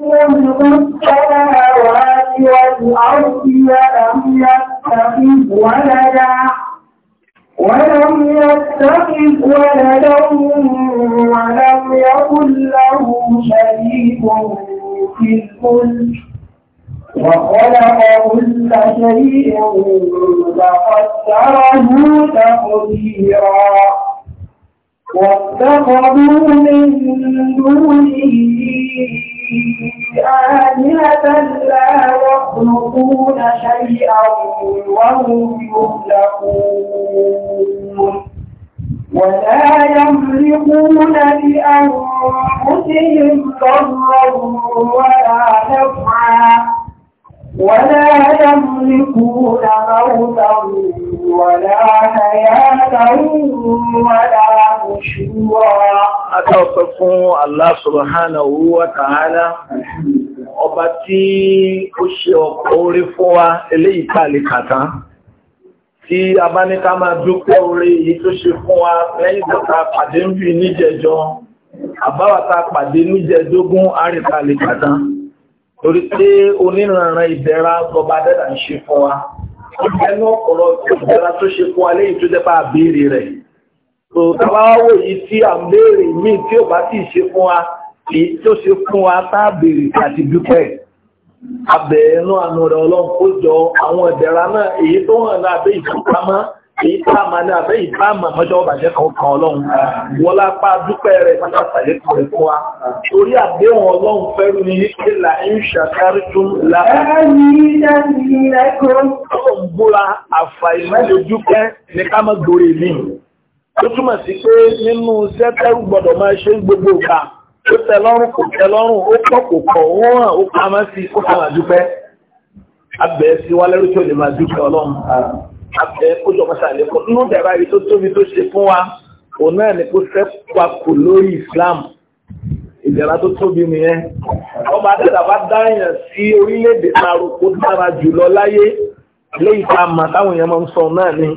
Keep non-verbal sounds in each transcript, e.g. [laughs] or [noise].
ولم يتخذ ولدا ولم يتخذ ولدا ولم يكن له شريك في الكل وخلق كل شيء فقدره تقديرا واتخذوا من دونه آلهة لا يخلقون شيئا وهم يخلقون ولا يملكون لأنفسهم ضرا ولا نفعا ولا يملكون موتا ولا حياة ولا نشورا Adáwọ̀pẹ́ الله سبحانه وتعالى. wa Ta'ala, ọba tí ó ṣe ọ̀pọ̀ orí fún wa eléyìí tá lè kàtá, tí a bá ní ká máa dúpẹ́ orí èyí tó ṣe fún wa lẹ́yìn tọ́ta pàdé ń bí níjẹjọ, àbáwàta pàdé níjẹdógún àrítà lè torí pé oníranran ìdẹ̀ra ọba dẹ́dà ń ṣe fún wa ẹnu ọ̀pọ̀lọ ìdẹ̀ra tó ṣe fún wa lẹ́yìn tó jẹ́ bá béèrè rẹ̀ tó tàbáwò yìí tí à ń béèrè míì tí ò bá tí ì ṣe fún wa èyí tó ṣe fún wa tá béèrè àti dúpẹ́ abẹ̀ẹ́nú àánú rẹ̀ ọlọ́run kó jọ àwọn ìdẹ̀ra náà èyí tó hàn náà èyí tá a máa ní abẹ́ ìbámu àmọ́jọ́ bàjẹ́ kankan ọlọ́run wọ́n lápá dúpẹ́ rẹ̀ pátá sàlékún rẹ̀ fún wa torí àdéhùn ọlọ́run fẹ́rù ní nípe là ń ṣàkárí tún la. ọ̀rọ̀ ń búra àfàìmọ́lójúkẹ́ ní ká ó túmọ̀ sí pé nínú ó tẹ́ lọ́rùn ó pọ̀ kò pọ̀ ó hàn ó pamọ́ ó fẹ́ máa dúpẹ́. abẹ́ẹ̀ kójọ mọ́ṣá lẹ́kọ̀ọ́ nínú ìdàgbà yìí tó tóbi tó ṣe fún wa òun náà ni kó fẹ́ pakò lórí Islam ìdẹ̀ra tó tóbi nìyẹn ọba àtẹ̀dà bá dáyàn sí orílẹ̀-èdè àròkó dára jùlọ láyé lẹ́yìn tá a mà táwọn èèyàn máa ń sọ náà ni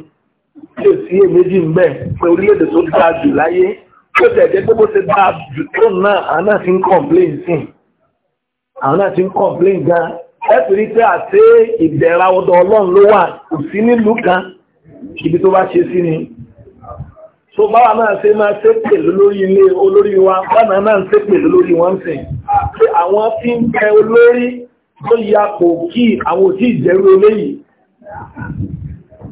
kí o sí èméjì ń bẹ̀ pé orílẹ̀-èdè tó dáa jù láyé kí o tẹ̀ jẹ́ pé bó ṣe dáa jù tó náà àwọn náà ti ń kọ̀ǹpléǹ sí àwọn náà ti ń kọ̀ǹpléǹ gan-an ẹ̀sùn rí pé àti ìbẹ̀ra ọ̀dọ̀ ọlọ́run ló wà kò sí nílùú kan ibi tó bá ṣe sí ni so báwa náà ṣe máa ṣe pẹ̀lú lórí ilé olórí wa báwa náà ṣe pẹ̀lú lórí wọn sìn pé àwọn tí ń bẹ olórí tó ya kò kí àwọn òtí ìjẹ́rú eléyìí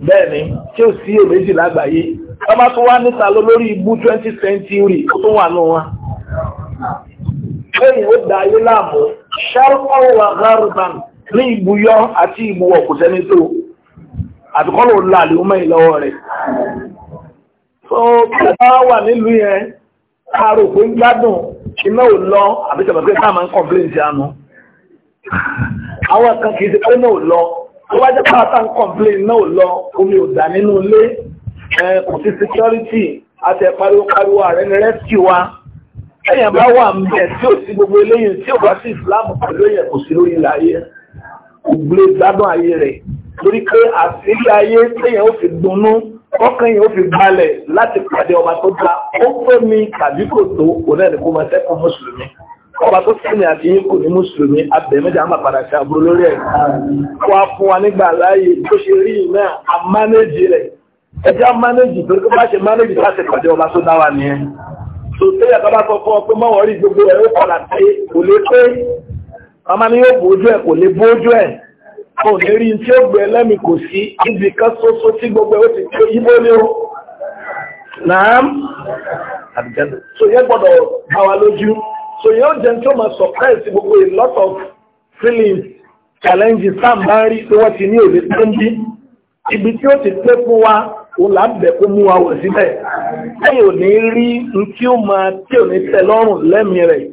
bẹ́ẹ̀ ni tí ó sí èméjì lágbàáyé ọba tó wá níta lórí ibú 20th century tó wà náà wọn lẹ́yìn ó da ayé láàmú ṣarfọ́ wà gárùbán ní ìbúyọ́ àti ìbúwọ̀ kò sẹ́ni tó àbíkọ́lò láàrin ọmọ ìlọ́wọ́ rẹ̀ tó bá wà nílùú yẹn káàrò pé ń gbádùn iná ò lọ àbíkẹ́bẹ̀kẹ́ táà máa ń kọ̀m̀plé ti àánú àwọn kan kìí ṣe pé náà lọ tó wá jẹ́ pàtà ń kọ̀m̀plé náà ò lọ omi ò dà nínú ilé kò sí security àti ẹ̀pariwo pariwo ààrẹ ní rescue wa ẹ̀yàn bá wà ń bẹ̀ tí ó sì gbogbo eléyìn tí ó bá sí ìsìláàmù pẹ̀lú èyàn kò sí lórí ayé ògbúlé gbádùn ayé rẹ̀ torí pé àṣírí ayé téèyàn ó fi dunnú ọkàn yẹn ó fi balẹ̀ láti pàdé ọba tó dá ó fẹ́ mi tàbí kò tó kò náà ní kó máa sẹ́kùn mùsùlùmí ọba tó sẹ́mi àti yín kò ní mùsùlùmí abẹ̀mẹ́jà máa padà sí àbúrò lórí ẹ̀ kó a fún wa nígbà láàyè bó ṣe rí iná a mánéjì rẹ̀ ẹjẹ́ a mánéjì torí pé bá ṣe mánéjì láti pàdé ọba tó dá wa nìyẹn tòtẹ́yà tó bá sọ fún ọ pé mọ́wọ́ rí gbogbo ẹ̀ ó padà pé kò lè pé ọmọ mi yóò bójú ẹ̀ kò lè bójú ẹ̀ kò ní rí tí ó gbé ẹlẹ́mì kò sí ibi kan ṣoṣo tí gbogbo ẹ̀ ó ti tó yíbó ní o naam àbíjẹ́nà so yẹ gbọ́dọ̀ bá wa lójú so yẹ ó jẹ́ tí ó máa surprise gbogbo a lot of feelings challenges tá à ń bá rí tí wọ́n ti ní òde tó ń bí ibi tí ó ti pé fún wa ó lábẹ̀ kó mú wa wọ̀ síbẹ̀ ẹ̀yìn ò ní rí n tí ó máa tí ò ní tẹ́ lọ́rùn lẹ́mìí rẹ̀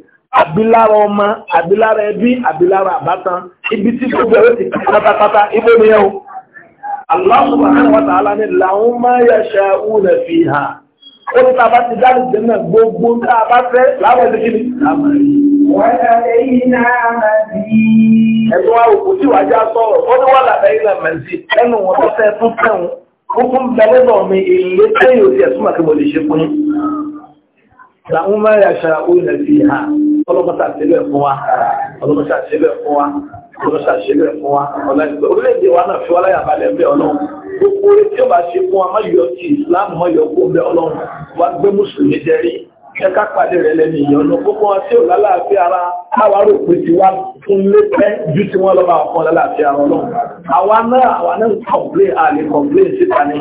àbílára ọmọ àbílára ẹbí àbílára àbátan ibi tí gbogbo ẹ̀rọ ti kí pátápátá ibo ni ẹ o Allah subhanahu wa ta'ala ni làwọn máa yà ṣe àwùrẹ̀ fi hàn ó ní tàbá ti dáàbò jẹ́ náà gbogbo tá a bá fẹ́ láwọn ẹ̀dẹ́ kí ni. ẹ̀sùn wa òkú tí wàá já sọ̀rọ̀ ó ní wà lábẹ́ ilẹ̀ mẹ́sì ẹnu wọn tó fẹ́ tún fẹ́ kúkún bẹ̀rẹ̀ náà mi ilé tẹ́yìn òsì ẹ̀sùn àti mọ̀lẹ̀ ṣe fún yín làwọn máa yà ṣara orí nà sí ha ọlọ́mọta àṣẹbẹ̀ fún wa ọlọ́mọta àṣẹbẹ̀ fún wa ọlọ́mọta àṣẹbẹ̀ fún wa ọlọ́mọta orílẹ̀-èdè wa náà fi wá láyà balẹ̀ ń bẹ ọlọ́run gbogbo orí tí ó bá ṣe fún wa má yọ ti ìsìlámù má yọ kó ń bẹ ọlọ́run wa gbé mùsùlùmí jẹ́rìí ẹka pàdé rẹ̀ lẹ́nu ìyọnu gbogbo wọn tí ò lálàáfíà ara káwárò pé ti wá fún lépẹ́ ju tí wọ́n lọ́ba ọ̀kan lálàáfíà ara ọlọ́run àwa náà àwa náà ń kọ̀m̀plé àlè kọ̀m̀plé síta ní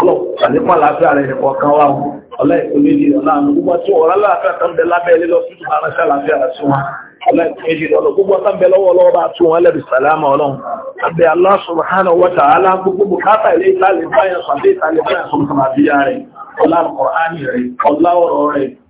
ọlọ́ àlékún àlàáfíà rẹ̀ kọ̀ọ̀kan wà ó ọlá ìpín méjì ọ̀làánú gbogbo tí ò lálàáfíà tó ń bẹ lábẹ́ ilé lọ fún aráṣẹ́ àlàáfíà rẹ̀ sí wọn ọlá ìpín méjì ọlọ́ gbogbo tó ń bẹ lọ́wọ́ lọ́wọ́ bá tún wọn lẹ́bi sàlámà ọlọ́run àbẹ̀ Allah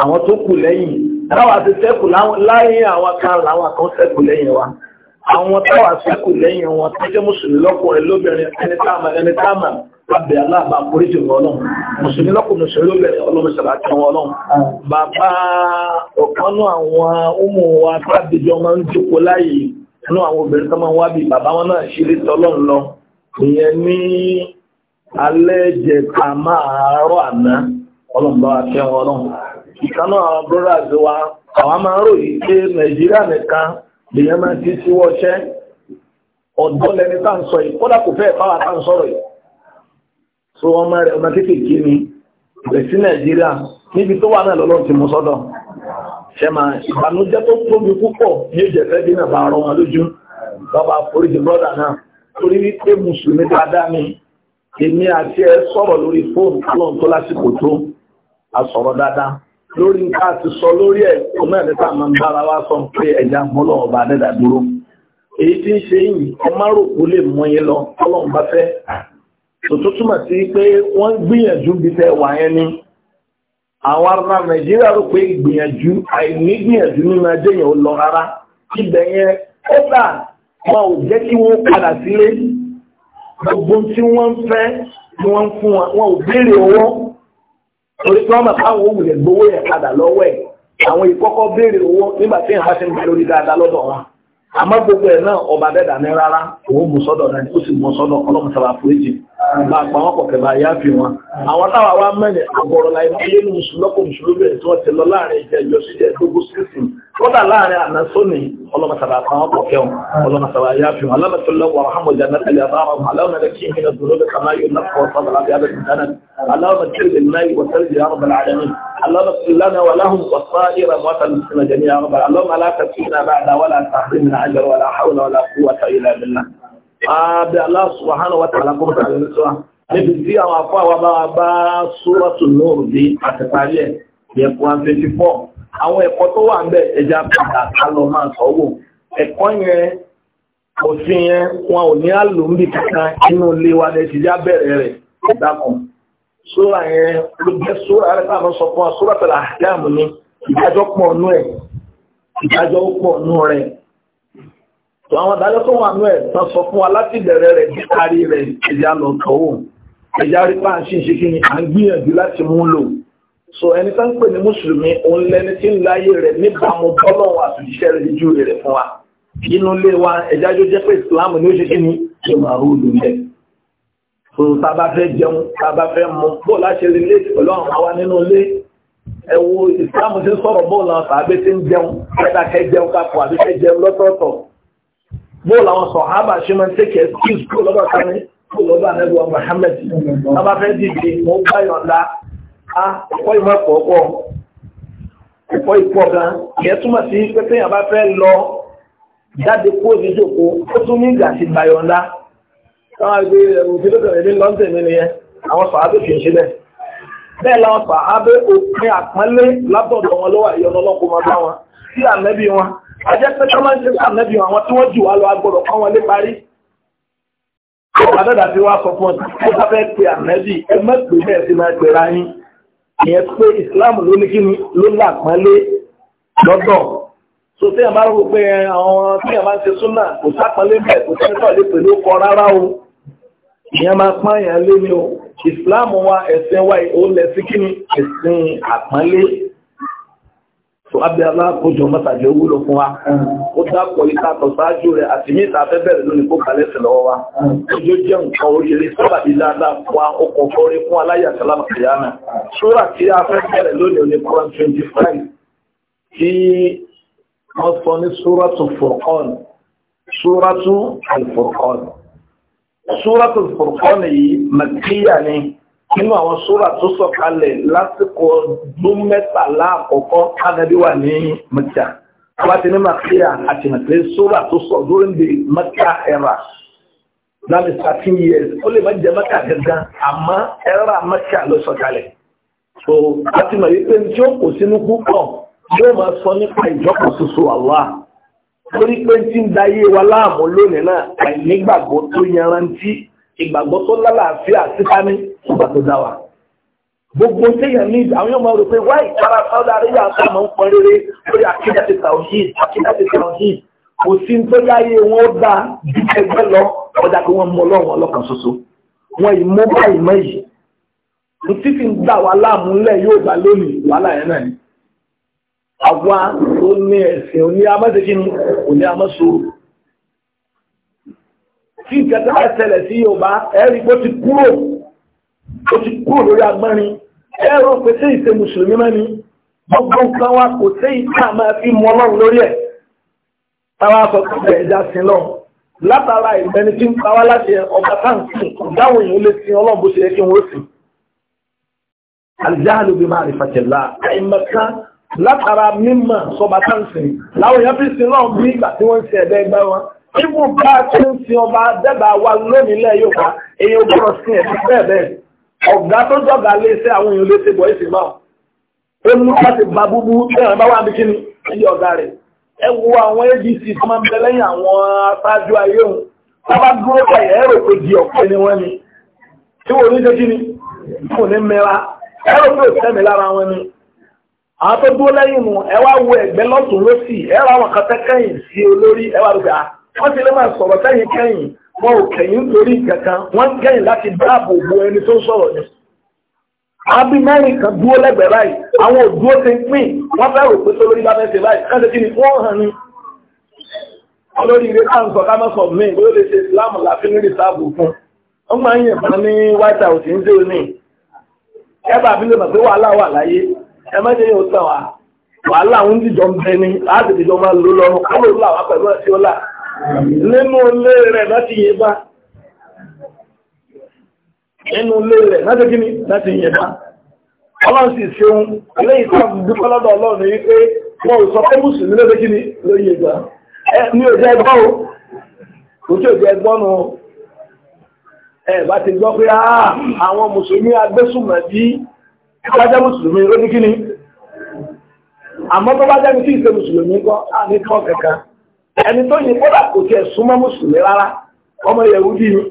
àwọn tó kù lẹ́yìn táwa ti sẹ́kù láyé àwọn kan làwọn kan sẹ́kù lẹ́yìn wa àwọn táwa sẹ́kù lẹ́yìn wọn tó jẹ́ mùsùlùmí lọ́kùnrin lóbìnrin ẹni táàmà ẹni táàmà abẹ́ aláàbà oríṣi wọn ọlọ́run mùsùlùmí lọ́kùnrin mùsùlùmí lóbìnrin ọlọ́run ṣẹlẹ̀ àti wọn ọlọ́run bàbá ọ̀kanú àwọn ọmọ wa tábìjọ máa ń jókòó láyè inú àwọn obìnrin tó máa ń wá bí bàbá wọn náà ṣe lé tọ́lọ́run lọ ìyẹn ní alẹ́ jẹta máa rọ̀ àná ọlọ́run bá wa fẹ́ wọn ọlọ́run ìkaná àwọn brothers wa àwọn máa ń ròyìn pé nàìjíríà nìkan lèyàn máa ti síwọ́ṣẹ́ ọ̀dọ́ lẹni tá ń sọ yìí kódà kò fẹ́ẹ̀ fáwọn tá ń sọ̀rọ̀ yìí so ọmọ rẹ̀ ọmọ kéékèèké ni rẹ̀ sí nàìjíríà níbi tó wà náà lọ́lọ́ ti mú sọ́dọ̀ ṣe máa ìbànújẹ́ tó tóbi púpọ̀ ní ó jẹ̀fẹ́ bí náà bá rọ wọn lójú bàbá foríjì brọ́dà náà torí wípé mùsùlùmí dáadáa ni èmi àti ẹ sọ̀rọ̀ lórí fóònù lọ́n tó lásìkò tó a sọ̀rọ̀ dáadáa lórí nǹkan àti sọ lórí ẹ̀ ọmọ ẹ̀ nípa máa ń bára wá sọ pé ẹ̀já mọ́lọ́ ọba dẹ́dà dúró èyí tí ń ṣe yìí ẹ má rò kó lè mọ yín lọ ọlọ́run bá fẹ́ tòótọ́ túmọ̀ sí pé wọ́n gbìyànjú bí fẹ́ wà yẹn ni àwọn ará nàìjíríà rò pé gbìyànjú àìní gbìyànjú nínú ajé yẹn ò lọ rárá ibẹ̀ yẹn ó wọn ò jẹ́ kí wọ́n padà sílé gbogbo tí wọ́n fẹ́ wọ́n fún wọn wọn ò béèrè owó torí pé wọ́n mọ̀ káwọn òwúlẹ̀ gbowó yẹn padà lọ́wọ́ ẹ̀ àwọn ìkọ́kọ́ béèrè owó nígbà tí nǹkan ṣe ń bẹ lórí dáadáa lọ́dọ̀ wọn àmọ́ gbogbo ẹ̀ náà ọba dẹ́dà ní rárá òun mú sọ́dọ̀ náà ó sì mú sọ́dọ̀ ọlọ́mọ sábà fún èjì bá pa wọ́n pọ̀kẹ̀ bá yá fi wọn àwọn táwà wá mẹ́rin àgbọ̀rọ̀ láì máyé ní mùsùlọ́pọ̀ mùsùlùmí tí wọ́n ti lọ láàrin ìjẹ́ ìjọ sí ìjẹ́ gbogbo sísìn kódà láàrin àná sóní ọlọ́mọsàbà pa wọ́n pọ̀kẹ́ wọn ọlọ́mọsàbà yá fi wọn alámọ̀tòlọ́wọ̀ àhámọ̀jà nàtàlẹ̀ àbáwọn alámọ̀lẹ́kí ìhìnà dùnú kàmá yóò nàfọ̀ sábàlá bí abẹ́ اللهم اغفر للنبي وسلم يا رب العالمين اللهم اغفر لنا ولهم وصائر موتى المسلمين جميعا يا رب اللهم لا تكلنا بعد ولا تحرمنا اجر ولا حول ولا قوه الا بالله ààbẹ̀ Allah subhanahu wa ta'ala kọ́mọ̀tà rẹ̀ sọ́wọ́ níbi tí àwọn afọ́ àwọn bá bá Suratul Nur ní àtẹ̀parí ẹ̀ yẹ kó one twenty four àwọn ẹ̀kọ́ tó wà ń bẹ̀ ẹja padà ká lọ máa sọ wò ẹ̀kọ́ yẹn òfin yẹn wọn ò ní àlòmí kankan inú ilé wa ní ti já bẹ̀rẹ̀ rẹ̀ dákun sóra yẹn ló jẹ́ sóra rẹ̀ táwọn sọ tó àwọn adájọ́ tó wà ní ẹ̀ tán sọ fún wa láti bẹ̀rẹ̀ rẹ̀ bí kárí rẹ̀ ẹ̀yà lọ tọ́wọ́ ẹ̀yà rí pa ṣì ṣe kí ni à ń gbìyànjú láti mú lò so ẹni tán pè ní mùsùlùmí òun lẹni tí ń láyé rẹ̀ níbàámu bọ́lọ́wọ́ àtúnṣiṣẹ́ rẹ̀ ju rẹ̀ fún wa inú ilé wa ẹ̀já yóò jẹ́ pé ìsìláàmù ní ó ṣe kí ni ṣe máa rú olùlẹ̀ so tàbá fẹ́ jẹun tàbá fẹ́ mọ bọ́ọ̀ láṣẹ ilé pẹ̀lú àwọn àwa nínú ilé ẹ wo ìsìláàmù ti ń sọ̀rọ̀ bọ́ọ̀lù àwọn tàbí ti ń jẹun ẹ̀dá kẹ́ jẹun kápò àbí fẹ́ jẹun lọ́tọ̀ọ̀tọ̀ bó làwọn sọ̀hábà ṣe máa ń tẹ́kẹ̀ skills kó lọ́bà sáré kó lọ́bà nẹ́gbà Muhammad lábá fẹ́ dìde mo ń bá yọ̀ǹda a ẹ̀kọ́ ìmọ̀ ẹ̀kọ́ ọ̀pọ̀ ẹ̀kọ́ ìpọ̀ gan ìyẹn túmọ̀ sí pẹ́pẹ́ yàrá fẹ́ lọ jáde kó ní jòkó ó tún ní ìgbà sí gbà yọ̀ǹda táwọn àgbẹ̀ òfin tó tẹ̀lé ní london mi nìyẹn àwọn sọ̀hábà kì í ṣe bẹ́ẹ̀ bẹ́ẹ̀ làwọn sọ̀hábà òfin àpọ́nlé látọ̀dọ̀ wọn lọ́wọ́ àyọ̀nà ọlọ́kùnrin máa bá wọn sí àmẹ́bí wọn ajẹ́pẹ́ tó máa ń ṣe sáà nẹ́bí àwọn tí wọ́n jù wá lọ agbọ̀rọ̀ kọ́ wọn lé parí. Àwọn àdọ́dà ti wá sọ fún ọ tó bá fẹ́ pe ànẹ́bí ẹ mọ̀ pé bẹ́ẹ̀ ti máa gbèrà yín. Ìyẹn pé ìsìláàmù ló ní kíni ló là pọ́nlé lọ́dọ̀. So tí àbá rò pé àwọn tí àbá ń ṣe súnà kò sápọ́nlé bẹ́ẹ̀ kò sí tọ́lé pẹ̀lú kọ rárá o. Ìyẹn máa pọ́n yẹn lé ní o. Ìsìláàmù wa ẹ̀sìn wa ìhòòlẹ̀ sí kíni ẹ̀sìn àpọ́nlé tó ábẹ́ aláàkójọ mọ́sàjẹ́ wúlò fún wa ó dápọ̀ ìtàkọ̀ sáájú rẹ̀ àti mítà afẹ́bẹ̀rẹ̀ lónìí kó kalẹ̀ sí lọ́wọ́ wa tó jẹ́ jẹ́ nǹkan oríṣiríṣi sábà bí dáadáa fún ọkọ̀ kọrí fún aláyàtàlámà kìyàmà ṣúra tí afẹ́bẹ̀rẹ̀ lónìí oní Quran Furqan ṣúratu al-Furqan ṣúratu Furqan nínú àwọn sóra tó sọ̀kalẹ̀ lásìkò ọdún mẹ́tàlá àkọ́kọ́ kánẹ́bí wà ní mẹ́ta wáti ní màkíyà àti màkíyà sóra tó sọ during the mẹ́ta era láti thirteen years ó lè má jẹ mẹ́ta gẹ́gẹ́ àmọ́ era mẹ́ta ló sọ̀kalẹ̀ so láti mọ̀ wípé tí ó kò sínú púpọ̀ yóò máa sọ nípa ìjọkọ̀ ṣoṣo àwa torí pé tí ń da iye wa láàmú lónìí náà àìnígbàgbọ́ ìgbàgbọ́ tó lálàáfíà síta ní ìgbà tó dáwà gbogbo téèyàn ní àwọn yóò máa rò pé wáyé kára sáwọ́dà àríyá àtàmọ́ ń pọn rere lórí akíndàtì tàwíìd akíndàtì tàwíìd kò sí tó yáyé wọn ó dá ju ẹgbẹ́ lọ ọjà pé wọ́n mú ọlọ́run ọlọ́kan ṣoṣo wọn ì mú báyìí mọ́ yìí ní títí ń dà wá láàmú ńlẹ̀ yóò bá lónìí wàhálà yẹn náà ni àwa tó ní ẹ̀sìn òní amásèkínú òní amásòrò tí ìjẹta bá ṣẹlẹ̀ sí Yorùbá ẹ̀rí pé ó ti kúrò ó ti kúrò lórí agbọ́nrin ẹ̀rọ pé sí ìṣe mùsùlùmí mẹ́ni gbogbo nǹkan wa kò sí ìta máa fi mọ ọlọ́run lórí ẹ̀ táwa sọ pé ẹja sin lọ látara ìgbẹ́ni tí ń pa wá láti ọba táǹkì ìdáhùn èèyàn lè sin ọlọ́run bó ṣe yẹ kí wọ́n sìn alìjáàlù bí máa rìfàtẹ̀lá àìmọ̀ká látara mímọ̀ sọba táǹkì láwọn èèyàn fi sin lọ́run bí ìgbà tí wọ́n ń ṣe ẹ̀dẹ́ ẹgbẹ́ wọn ibu bá tí ń fi ọba dẹ́bà wa lónìí lẹ́ yóò bá èyàn gbọ́rọ̀ sí ẹ̀ sí bẹ́ẹ̀ bẹ́ẹ̀. Ọ̀gá tó jọ̀gá lé iṣẹ́ àwọn èèyàn lé ṣe bọ̀ ìṣe máa. Ó ní láti gba búbú ẹ̀rọ bá wà ní kíni ẹ̀yẹ ọ̀gá rẹ̀. Ẹ wo àwọn ADC tó máa ń bẹ lẹ́yìn àwọn aṣáájú ayé òun. Sábà dúró báyìí ẹ̀rọ tó di ọ̀pẹ ni wọ́n ni. Tí wò ní ṣe kíni? Kò ní mẹ́ra. Ẹ̀rọ tó tẹ̀mí lára wọn ni àwọn tó dúró lẹ́yìn mu ẹ wá wo ẹ̀gbẹ́ lọ́tún lọ́sì ẹ wá wọn kan tẹ́kẹ́yìn sí olórí ẹ wá rúbẹ́ wọ́n ti lè máa sọ̀rọ̀ kẹ́yìn kẹ́yìn wọn ò kẹ́yìn torí kankan wọ́n kẹ́yìn láti dáàbò bo ẹni tó sọ̀rọ̀ ni. àbí mẹ́rin kan dúró lẹ́gbẹ̀ẹ́ báyìí àwọn òdúró ti ń pín wọ́n fẹ́ rò pé tó lórí bá mẹ́sẹ̀ báyìí káṣe kí ni wọ́n hàn ní. olórí ilé ká ń sọ kámẹ́sọ̀ mi bó lè ṣe Islam láfi ní rìsáàbù fún. wọ́n máa ń yẹ̀ fún ní White House ń dé òní. ẹ bá abílẹ̀ mọ̀ pé wàhálà wà láyé ẹ má jẹ́ yóò tàn wá ń dìjọ ń láti dìjọ máa lò lọ́rùn kọ́ ló pẹ̀lú ẹ̀ tí nínú ilé rẹ̀ láti yẹ bá nínú ilé rẹ̀ láti kí ni láti yẹ bá ọlọ́run sì ṣeun ilé ìsáàbù lọ́dọ̀ ọlọ́run ní wọ́n sọ pé mùsùlùmí kí ni ló yẹ ẹgbọ́ o ẹgbọ́ ẹ bá ti gbọ́ pé àwọn mùsùlùmí agbésùnmọ̀ bí ìpájá mùsùlùmí ló ní kí ni ẹni tó yin kódà kò tiẹ̀ súnmọ́ mùsùlùmí rárá ọmọ yẹ̀wúdí ni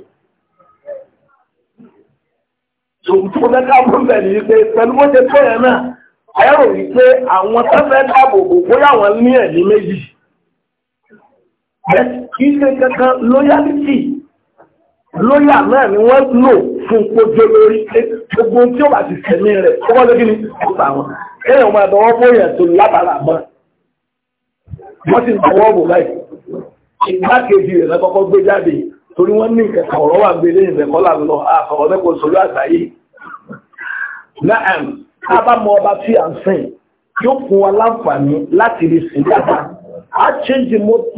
tòun tó fẹ́ ká bó bẹ̀ ní pé pẹ̀lú bó ṣe tó yẹn náà ẹ rò wí pé àwọn tó fẹ́ dáàbò bò bóyá àwọn ní ẹ̀mí méjì kì í ṣe kankan lóyálítì lóyà náà ni wọ́n lò fún kojú lórí gbogbo tí ó bá ti sẹ̀mí rẹ̀ kọ́kọ́ lé kí ni kó bá wọn kéèyàn máa tó lábàrà mọ́ wọ́n sì ń tọwọ́ bò láì ìgbákejì rẹ̀ lọ́kọ́kọ́ gbé jáde torí wọ́n ní ìkẹ̀kọ̀ ọ̀rọ̀ wà gbé lẹ́yìn rẹ̀ kọ́lá lọ àkọ̀rọ̀ mẹ́kọ̀ sọ́lọ́ àgbáyé láàm abámọ́ ọba tí à ń sìn yóò fún wa láǹfààní láti rí sí dáadáa a change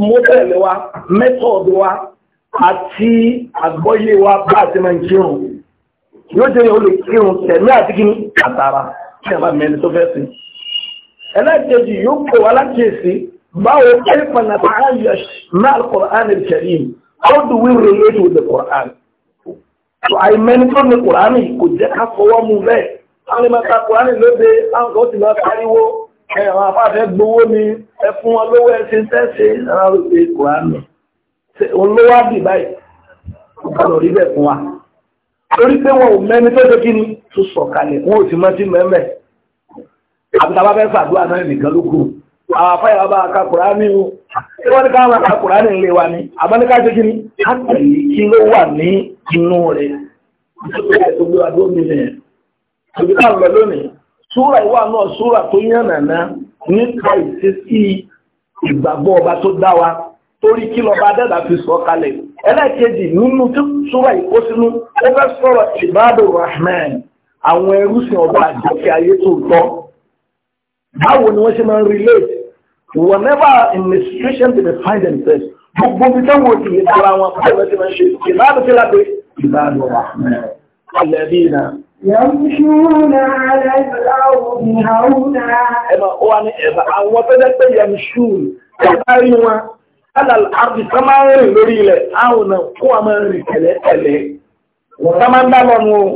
model wa method wa àti àgbọ́yé wa bá àti máa ń kírun yóò jẹ́ yóò lè kírun tẹ̀mí àti kí àtàrà kí àbá mẹ́rin tó fẹ́ sí ẹlẹ́kẹ̀ẹ́jì yóò pè wá láti èsì Báwo kaifa nata'ayyash ma'al Qur'an al-Karim? How do we relate with the Quran? So àìmẹ́nitọ́ ni Quran kò jẹ́ ká fọwọ́ mú bẹ́ẹ̀. Àwọn ẹ̀ma ta Quran lóde láwọn kan ti lọ sáríwó. Ẹ àwọn afáfẹ́ gbowó ni ẹ fún wọn lówó ẹ ṣe ń tẹ́sẹ̀ àwọn olùgbé Quran. Olówó àbí báyìí. Ó gbọ́dọ̀ rí bẹ́ẹ̀ fún wa. Torí pé wọn ò mẹ́ni tó ṣe kí ni tó sọ̀kalẹ̀ wọn ò sì mọ́ sí mẹ́mẹ́. Àbúta bá fẹ́ fàdúrà náà nìkan ló kù àfáyà bá ka kùránì o tí wọ́n ní ká máa ka kùránì lè wà ní àbáníká ṣe kí ni a tẹ̀lé kí ló wà ní inú rẹ̀ tó gbé wa lómi rẹ̀ tòbí ká lọ lónìí súrà ìwà náà súrà tó yànnàná nípa ìṣesí ìgbàgbọ́ ọba tó dá wa torí kí lọ́ba dẹ́dà fi sọ kalẹ̀ ẹlẹ́ẹ̀kejì nínú tí súrà ìkó sínú ó fẹ́ sọ̀rọ̀ ìbádù rahman àwọn ẹrúsìn ọba àjọkẹ́ ayé tó tọ́ báwo ni wọ́n ṣe máa ń relate whenever in the situation that they find themselves gbogbo bí táwọn òdì yìí dára wọn fún ẹgbẹ́ tí wọ́n ṣe ìbáàdù tí lápé ìbáàdù wà lẹ́bí iná. Yamṣúna aláìsàláwòrán àwúnà. Ẹ̀mà ó wá ní ẹ̀bà àwọn fẹ́lẹ́ pé Yamṣúna ẹ̀bá rí wọn. Adàl àbí ká lórí ilẹ̀, àwọn náà fún àmọ́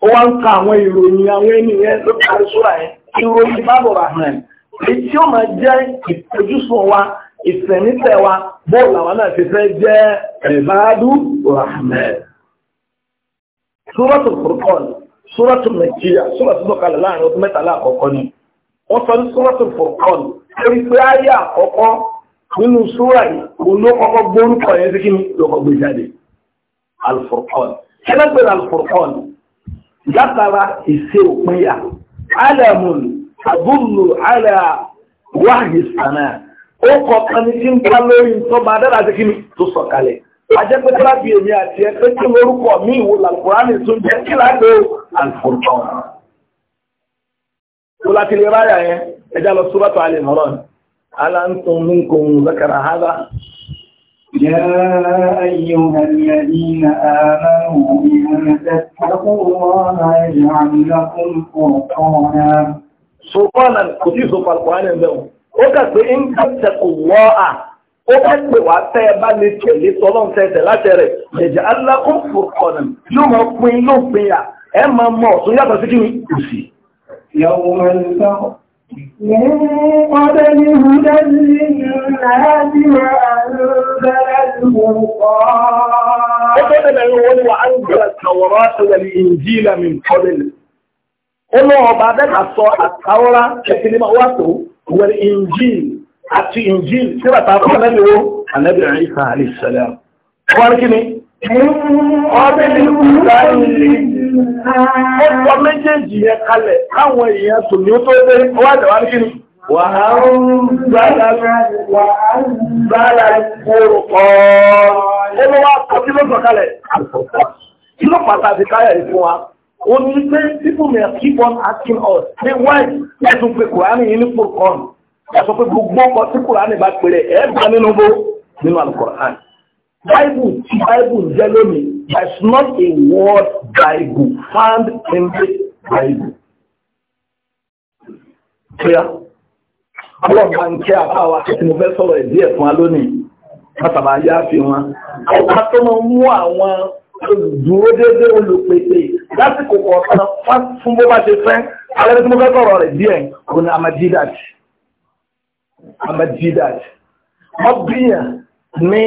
ó wá ń ka àwọn ìròyìn àwọn ènìyàn ló kárí sóra ẹ̀ ìròyìn bábọ̀ rahman èyí ó máa jẹ́ ìfojúsùn wa ìsẹ̀nítẹ̀ wa bọ́ọ̀lù àwọn náà ti fẹ́ jẹ́ ẹ̀bádú rahman sóràtù furqan sóràtù nàìjíríà sóràtù sọ̀kalẹ̀ láàrin ọdún mẹ́tàlá àkọ́kọ́ ni wọ́n sọ ní sóràtù furqan torí pé ayé àkọ́kọ́ nínú sóra yìí kò ló kọ́kọ́ gbórúkọ yẹn sí kí ló kọ́ gbé jáde al-furqan kí ló látara ìṣe òpinya alamun abúlù ala wàhìsànà ó kọ kàní tí ń ká lórí tọ́ba dára sí kí ni tó sọ̀kalẹ̀ ajẹ́pẹ́tẹ́ láti èmi àti ẹgbẹ́ tí lórúkọ mi ìwò làkùránì tún jẹ́ kí láti alfurqan kó láti lè ráyà يا أيها الذين آمنوا إن تتقوا الله يجعل لكم فرقانا ọrụ. كتير سبحان القرآن لهم وكذا إن تتقوا الله ó bá pè wá tẹ́ ẹ bá lè tẹ̀lé tọ́lọ́n ni من قبل هدى للناس وأنزل الفرقان وأنزل التوراة والإنجيل من قبل Olúwọ̀n ọba Adẹ́ka sọ àtàwọ́rá ẹ̀kìnímà wà tó wẹ̀rẹ̀ ìnjíl àti ìnjíl tí wà tàbí ọ̀nẹ́bìwó ànẹ́bìrin ìfà àlè ìṣẹ̀lẹ̀. Wọ́n rí kí ni Ọdún ni kúrò ní ọ̀pọ̀ méjèèjì yẹ kalẹ̀ káwọn èèyàn tò ní ó tó dé wádẹ̀ wá ní kí ni. Wà á ń gbára kúrò kọ́. Ó ló wá kọ́ kí ló sọ kalẹ̀? Kí ló pàtàkì káyà ìfún wa? Ó ní pé people may keep on asking us, say why ẹ̀sùn pé Kùránì yìí ní Kùránì? Ẹ̀sùn pé gbogbo ọkọ̀ tí Kùránì bá pèrè ẹ̀ bá nínú bó nínú àlùkùránì. Bible tí Bible jẹ́ lónìí is not a word Bible found in the Bible. Clear? Ọlọ́pàá ń kẹ́ àfáwà tí mo fẹ́ sọ̀rọ̀ ìdí ẹ̀ fún wa lónìí. Bàtàbà yá fi wọn. Ọ̀pá tó máa ń mú àwọn olùdúró déédé olùpèsè lásìkò kọ̀ọ̀kan fún bó bá ṣe fẹ́. Alẹ́ tí mo fẹ́ sọ̀rọ̀ rẹ̀ díẹ̀ kò ní Amajidat. Amajidat. Wọ́n bíyàn ní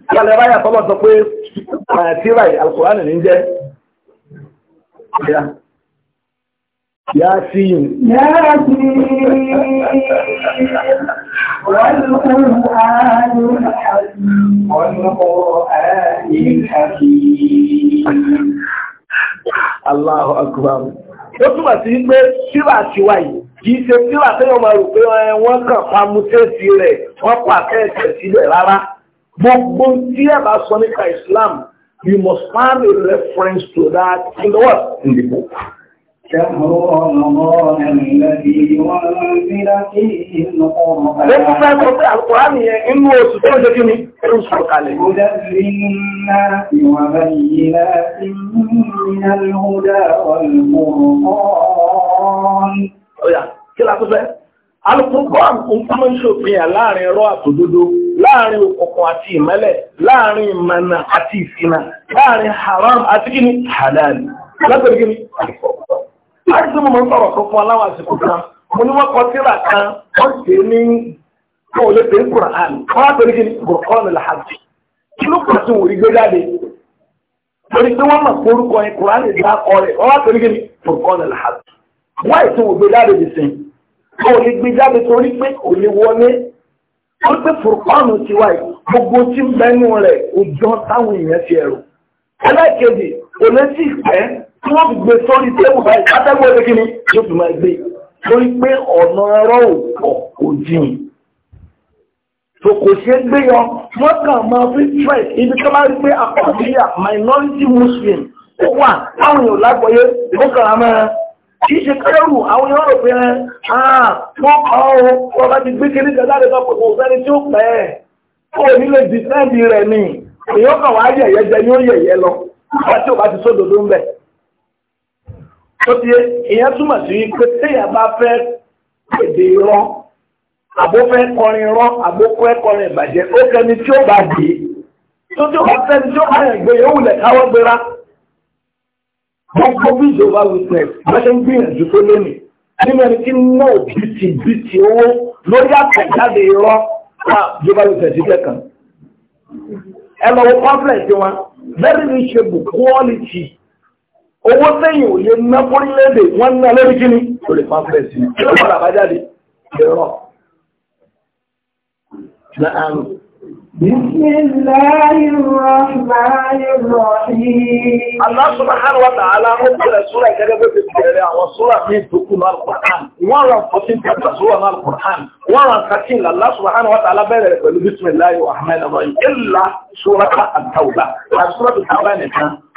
Ìyàlẹ̀ ráyà tọ́lọ̀ sọ pé àyàtíra alkùránì ní jẹ́. ya sí yìí. ya sí Allahu akbar. Ó túnmọ̀ sí pé síra àtiwá yìí, kìí ṣe síra tí wọ́n máa rò pé wọ́n kàn pa mú tẹ́sí rẹ̀, wọ́n pàtẹ́ sílẹ̀ rárá. Gbogbo tí ẹ bá sọ nípa Islam, you must find a reference to that in the what? In the book. Lẹ́kùn fẹ́ sọ pé àkùrá inú oṣù tó jẹ́ kí ni ẹ̀rù sọ̀rọ̀ kalẹ̀. Ó kí lákúfẹ́? alukurban nǹkan máa ń ṣòfin ẹ̀ láàrin ẹ̀rọ àtòdodo láàrin òkùnkùn àti ìmẹ́lẹ̀ láàrin ìmọ̀nà àti ìṣìnà láàrin haram àti kíni halal lábẹ́rẹ́ kíni àlùkò. láti tí mo máa ń sọ̀rọ̀ kan fún aláwọ̀ àsìkò kan mo ní wọ́n kọ síra kan wọ́n ṣe ní kó o lè pè é Qur'an wọ́n á pèrè kíni Qur'an al-hajj kí ló pọ̀ sí òrí gbé jáde torí pé wọ́n mọ̀ forúkọ yẹn Qur'an lè dá kọ́ rẹ̀ wọ́n á pèrè kíni Qur'an al-hajj wọ́n àìsàn ògbé jáde kò lè gbé jáde torí pé kò lè wọlé torí pé fòrùpáànù ti wáyé gbogbo tí ń bẹnu rẹ̀ òjò táwọn èèyàn ti ẹ̀rù ẹlẹ́kejì kò lè sí ìpẹ́ tí wọ́n fi gbé sórí tébù báyìí kátẹ́gbọ́ ẹgbẹ́ kí ni yóò fi máa gbé torí pé ọ̀nà ẹ̀rọ òpọ̀ kò jìn so kò ṣe gbé yan wọ́n kàn máa fi stress ibi tó bá rí pé àkọsílẹ̀ minority muslim ó wà táwọn èèyàn lágbọ́yé ó kàn á máa kìí ṣe kẹrù àwọn èèyàn rò pé àà ah, wọ́n kọ́ ọ́ wọ́n bá ti gbé kiri kan láti sọ́kò kò sẹ́ni tí ó pẹ́ ẹ̀ kó o nílé o bá ti sódodo ń bẹ̀. ó ti ìyẹn túmọ̀ sí pé téèyàn bá fẹ́ pèdè irọ́ àbó fẹ́ kọrin irọ́ àbó fẹ́ kọrin ìbàjẹ́ ó kẹni tí ó bá dì í tó tí ó bá fẹ́ni tí ó bá yẹ̀ gbé yóò wulẹ̀ káwọ́ gbéra gbogbo bíjọ wá witness lọ́sẹ̀ ń gbìyànjú tó lónìí nínú ẹni tí náà bìtì bìtì owó lórí àtẹ̀jáde irọ́ ká jọba witness jẹ́ kan. ẹ lọ wọ conference wọn very reachable quality owó sẹ́yìn ò lè ná fórílẹ̀-èdè wọ́n ná lórí kíní lórí conference yìí kí ló padà bá jáde irọ́. بسم الله الرحمن الرحيم الله سبحانه وتعالى أنزل سورة كذا في الجلالة وسورة في تكون القرآن ولا فتين تبقى سورة القرآن ولا فتين الله سبحانه وتعالى بيقول بسم الله الرحمن الرحيم إلا سورة التوبة سورة التوبة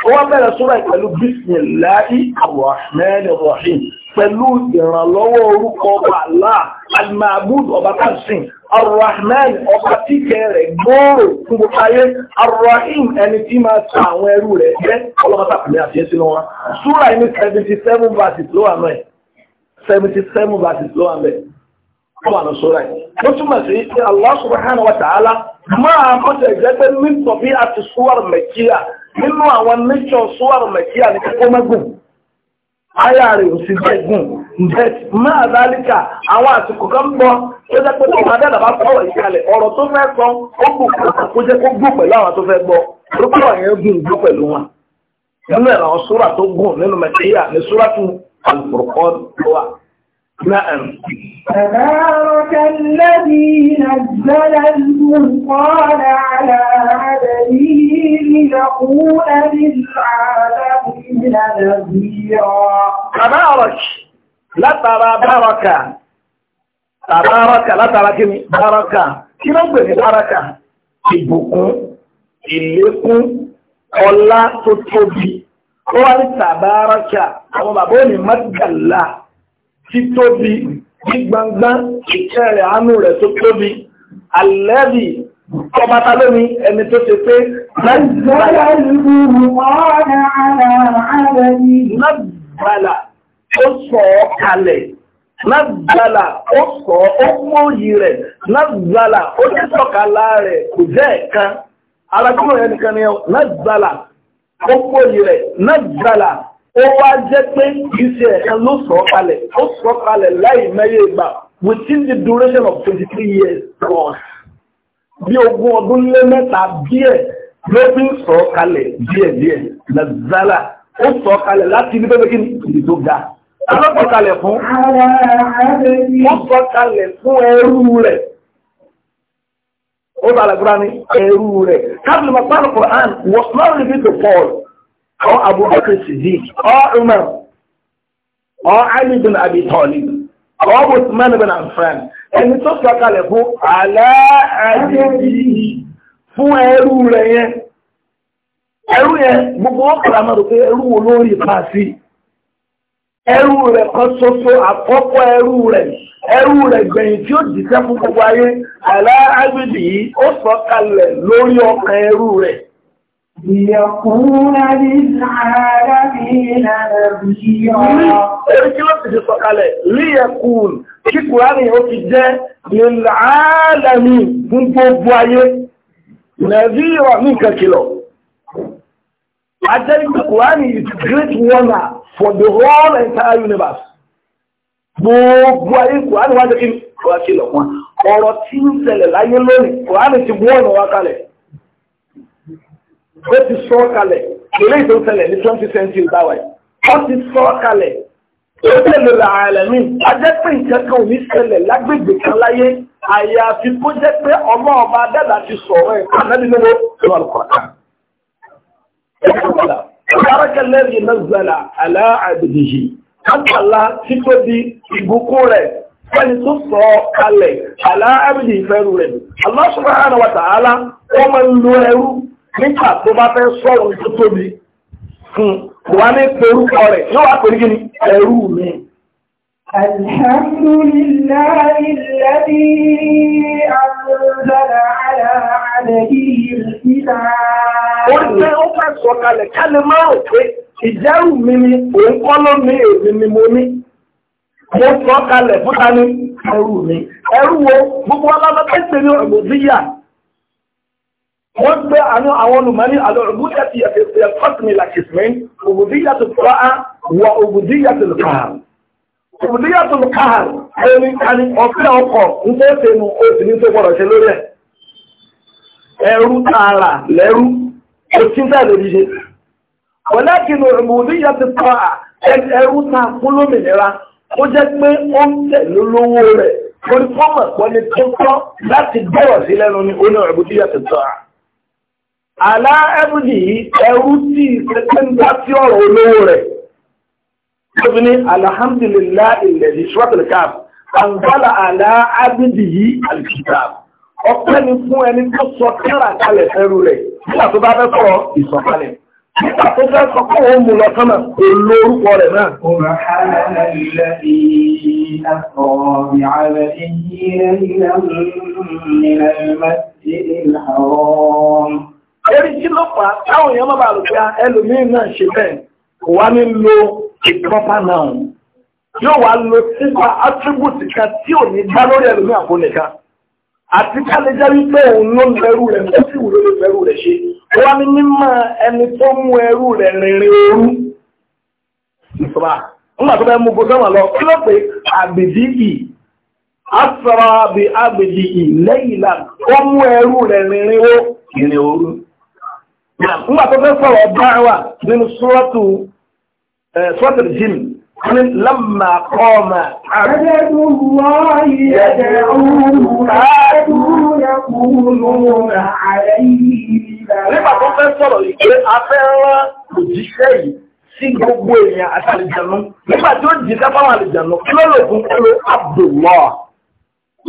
هو بيقول سورة بسم الله الرحمن الرحيم pẹ̀lú ìrànlọ́wọ́ orúkọ ọba Allah al-ma'bud ọba tàṣín ar-rahman ọba tíkẹ́ rẹ̀ gbòòrò fún gbogbo ayé ar-rahim ẹni tí máa ta àwọn ẹrú rẹ̀ jẹ́ ọlọ́mọta pẹ̀lú àṣẹ sínú wọn súra ní seventy seven verses ló wà náà ẹ̀ seventy seven verses ló wà náà ẹ̀ ó wà náà súra yìí ó túmọ̀ sí pé Allah wa ta'ala máa kọ́sẹ̀ ìjẹ́pẹ́ nítorí àti súwárù mẹ́kíà nínú àwọn nature súwárù mẹ́kíà ní kókó mẹ́gùn ayá rẹ̀ ò sí gbẹ̀gùn bet máa dálíkà àwọn àsìkò kan bọ́ tó jẹ́ pé tọ́wọ́ adé àdàbà sọ̀rọ̀ ìkàlẹ̀ ọ̀rọ̀ tó fẹ́ sọ ó kù kó jẹ́ kó gùn pẹ̀lú àwọn tó fẹ́ gbọ́ tó gùn gùn pẹ̀lú wọn. nínú نعم تبارك الذي نزل الفرقان على عبده ليكون للعالمين نذيرا تبارك لا ترى بركة تبارك لا ترى كمي بركة كم نقول بركة ìbùkún ìlékún ọlá tó tóbi ó wá ní tàbáràkà àwọn bàbá òní mọ́gàlá títóbi gbígbangbá ìkẹ́ rẹ̀ àánú rẹ̀ tó tóbi alẹ́bì ọba ta lómi ẹni tó ṣe pé lágbàlá ó sọ ọ́ kalẹ̀ lágbàlá ó sọ ó mọ́yì rẹ̀ lágbàlá ó ní sọ̀kalá rẹ̀ kò jẹ́ ẹ̀kan alákùnrin ẹnìkan ni lágbàlá ó mọ́yì rẹ̀ lágbàlá ó wá jẹ́ pé kìí ṣe ẹ̀kan ló sọ kalẹ̀ ó sọ kalẹ̀ láì mẹ́yẹ ìgbà within the duration of 23 years plus bí ogún ọdún lé mẹ́ta díẹ̀ ló fi ń sọ kalẹ̀ díẹ̀díẹ̀ lẹ́zálà ó sọ kalẹ̀ láti ibi pẹ́pẹ́ kí ni ìdí tó ga ọlọ́pọ̀ kalẹ̀ fún ó sọ kalẹ̀ fún ẹrú rẹ̀ ó bá àlàgbára ní ẹrú rẹ̀ kábìlì mọ̀ pàrọ̀ Quran was not revealed to Paul. or Abu Bakr Siddiq, or Umar, or Ali bin Abi Talib, or Uthman bin Affan. fún ẹrú yẹn. Ẹrú yẹn gbogbo pé ẹrú wo lórí sí. Ẹrú rẹ kan àkọ́kọ́ ẹrú Ẹrú gbẹ̀yìn tí ó jìṣẹ́ fún gbogbo ayé. yìí ó lórí ọkàn ẹrú ليكون للعالمين نبيرا ليكون kí kùránì ó ti jẹ́ lèláàlàmì fún gbogbo ayé nàìjíríà ní ìkẹkìlọ̀ ajẹ́ ìpé kùránì is great wonder for the whole entire universe gbogbo ayé kùránì wájẹ́ kí kùránì ọ̀rọ̀ tí ń ṣẹlẹ̀ láyé lónìí kùránì ti gbọ́ ọ̀nà wákalẹ̀ ó ti sọ kalẹ̀ lórí ìtò ṣẹlẹ̀ ní twenty century báwa yìí ó ti sọ kalẹ̀ ó tẹ̀lé làálẹ̀ mi ajẹ́ pé nǹkan kan ò ní ṣẹlẹ̀ lágbègbè kan láyé àyàfi kó jẹ́ pé ọmọ ọba dàda ti sọ̀rọ̀ ẹ̀ kánádì nínú ìwà lùkọ̀ọ̀tà. Ìyáraka lẹ́yìn náà zàlà aláàbìdìyì. Kàkàlá títóbi ìbùkún rẹ̀ wani tó sọ kalẹ̀ aláàbìdì ìfẹ́rù rẹ̀. Allah subhanahu wa ta'ala wọ́n máa ń lo ẹrú nígbà tó bá fẹ́ sọ̀rọ̀ tó tóbi fún hmm, wa ní orúkọ rẹ̀ yóò wá pẹ̀lú gíní ẹrú mi. Alhamdulillahi alladhi anzala ala abdihi al sọ kalẹ̀ kálí márùn-ún pé mi ni òun kọ́ ló ní ní. Mo sọ kalẹ̀ fúta wọ́n gbé àwọn olùmọ́ní alọ́rùbúdíyà ti yẹ fọ́tìmìlà kìsìmín òbùdíyà tó fọ́á wọ òbùdíyà tó lùkàhàn òbùdíyà tó lùkàhàn ẹni kani ọ̀fẹ́ ọkọ̀ ń tó ṣe nu oṣù ní tó gbọ́dọ̀ ṣe lórí ẹ̀ ẹrú tààrà lẹ́rú oṣù tá lórí ṣe wọ́lákin òbùdíyà tó fọ́á ẹrú ta fúnlómìnira ó jẹ́ pé ó ń tẹ̀ lólówó rẹ̀ orí fọ́mọ̀ pọ́ni tó tọ́ láti gbọ́rọ̀ sí lẹ́nu ní oní òbùdíyà tó tọ́ à aláẹ́bùdì ẹrú tí ìpẹ́tẹ́ńdá tí ọ̀rọ̀ olówó rẹ̀ tóbi ní alhamdulillah ilẹ̀dì ṣọ́tìlkáp àǹbálà aláẹ́bùdì yìí alkitab ọpẹ́ ni fún ẹni tó sọ kára kalẹ̀ fẹ́rú rẹ̀ nígbà tó bá fẹ́ sọ Erí kí ló fà á táwọn èèyàn má bàa lò pé ah, ẹlòmíín náà ṣe bẹ́ẹ̀ kò wá ní lo a proper noun. Yóò wá lo sípa attribute kan tí ò ní dá lórí ẹlòmíín àpò nìkan. Àti ká lè jẹ́ wípé òun ló ń bẹ̀rù rẹ̀ ó sì wúlò lè bẹ̀rù rẹ̀ ṣe. Ó wá ní mímọ̀ ẹni tó mú ẹrú rẹ̀ rìnrìn òru. Ìfọ̀bà ńgbà tó bẹ́ mú gbogbo lọ kí ló pé àbìdí ì asra bi ì lẹ́yìn náà ó mú ẹrú rẹ̀ rìnrìn ó nígbà tó fẹ́ sọ̀rọ̀ dáwà nínú sọ́ọ̀tù sọ́ọ̀tù jìn ní lámà kọ́ọ̀mà nígbà tó fẹ́ sọ̀rọ̀ ìgbé afẹ́rán òjíṣẹ́ yìí sí gbogbo èèyàn àti àlìjànú nígbà tí ó jìká fáwọn àlìjànú kí ló lò fún pẹ̀lú Abdullah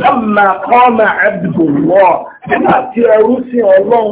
lámà kọ́ọ̀mà nígbà tí ẹrú sí ọlọ́run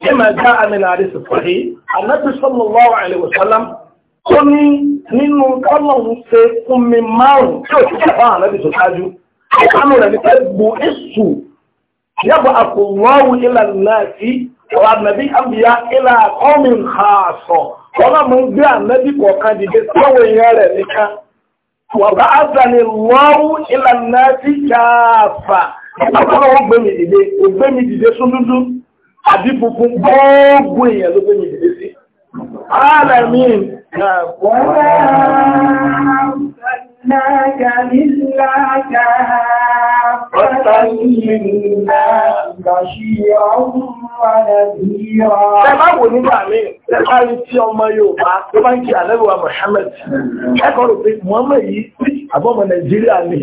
كما جاء من الحديث الصحيح النبي صلى الله عليه وسلم ó ní nínú kọ́lọ̀hún ṣe fún mi márùn-ún tí ó ti ṣẹ̀fà ànábì tó ṣáájú ìpanu rẹ̀ ní pé gbò èṣù yàbọ̀ àkùnwọ́wù ilà náà sí ọ̀rọ̀ ànábì àbíyá ilà ọ̀mìn àṣọ ọlọ́mọ ń gbé ànábì kọ̀ọ̀kan dìde tí wọ́n èèyàn rẹ̀ nìkan wàbá àzàní lọ́wù ilà náà sí káàfà ìpàkọ́lọ́wọ́ gbé mi dìde ògbé mi dìde sún àbí funfun gbogbo èèyàn ló gbẹ̀yìn ìdílé sí. Ààrẹ̀mí Ẹgbà nígbà míì, ẹgbà rí tí ọmọ Yorùbá tó bá ń kí àlẹ́wà Mohammed, ẹkọ̀ pé Mohammed yìí àbọ́mọ̀ Nàìjíríà ni.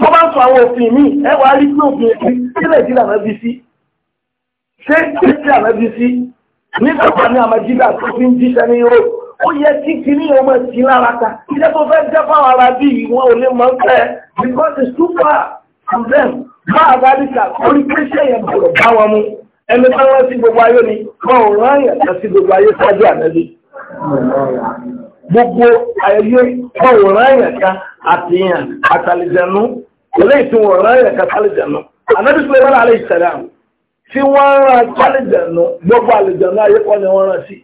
Wọ́n bá ń sọ àwọn òfin míì, ẹwà rí tí òfin ẹ̀kí tí Nàìjíríà náà bí sí ṣé títí ànábi sí nígbàgbà ní àmàjígbà tó fi ń jíṣẹ́ ní yóò ó yẹ kí kiri yóò máa ti lára ta ilé tó fẹ́ jẹ́ fáwọn ará bí ìwọ̀n ò lè mọ̀ ń fẹ́ because it's too far from them bá àdáríkà orí pẹ́ṣẹ́ yẹn bọ̀rọ̀ bá wọn mú ẹni tó rán sí gbogbo ayé ni wọn ò rán yẹn lọ sí gbogbo ayé ṣáájú ànábi gbogbo ayé wọn ò rán yẹn ká àtìyàn àtàlìjẹnu eléyìí tí rán yẹn ká àtàlìjẹnu ànábi sọlẹ́mọ́lá tí wọ́n ń ran àlìjẹ̀nu gbogbo àlìjẹ̀nu ayé kọ́ ni wọ́n rán sí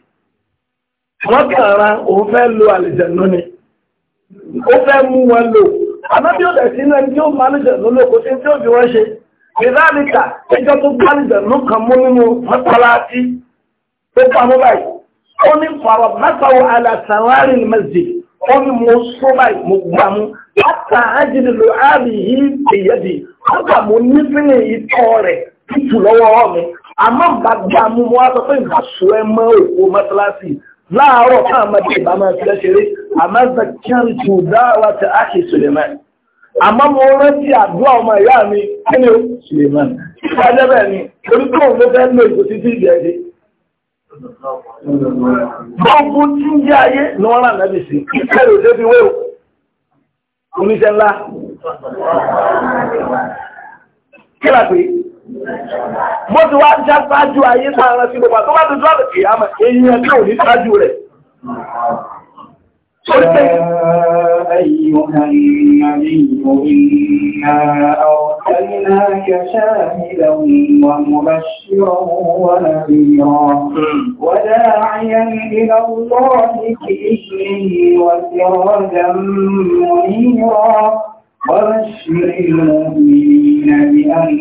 wọ́n kàn ran òun fẹ́ lo àlìjẹ̀nu ni ó fẹ́ mú wọn lò àmọ́ bí ó dẹ̀ sí náà tí ó máa lò kò sí tí ó fi wọ́n ṣe ìdáàlìkà ẹjọ́ tó gbá àlìjẹ̀nu kan mú nínú pamọ́ báyìí ó ní mẹ́sì ó ní mo báyìí mo gbà mú ájìlélò yìí títù lọ́wọ́ mi àmọ́ gbàgbà mú wọn sọ pé ìbáṣọ ẹ mọ́ òkú mọ́ṣáláṣí láàárọ̀ fún àmọ́dé ìbámu ẹ̀ṣẹ̀ ṣeré àmọ́ zakiyan tù dáwà ti áṣì Suleiman àmọ́ mo rántí àdúrà ọmọ ìyá mi kí ni ó Suleiman ìfọ̀ ajẹ́bẹ̀ ni torí pé òun ló fẹ́ lo ìbò títí ìjẹ́dẹ́. Gbogbo tí ń jẹ́ ayé ni wọ́n rà nábì sí, ìfẹ́rẹ̀ òde fi wéwò, oníṣẹ́ ńlá. Kí la bó ti wá já sáájú ayé sáàrán sí gbogbo àtọ́bá tó jọ́ àlùkè àmà èyí ẹ̀ tí ò ní sáájú rẹ̀ Oríṣẹ́ أيها النبي إنا أرسلناك شاهدا ومبشرا ونذيرا وداعيا إلى الله بإذنه وسراجا منيرا وبشر المؤمنين بأن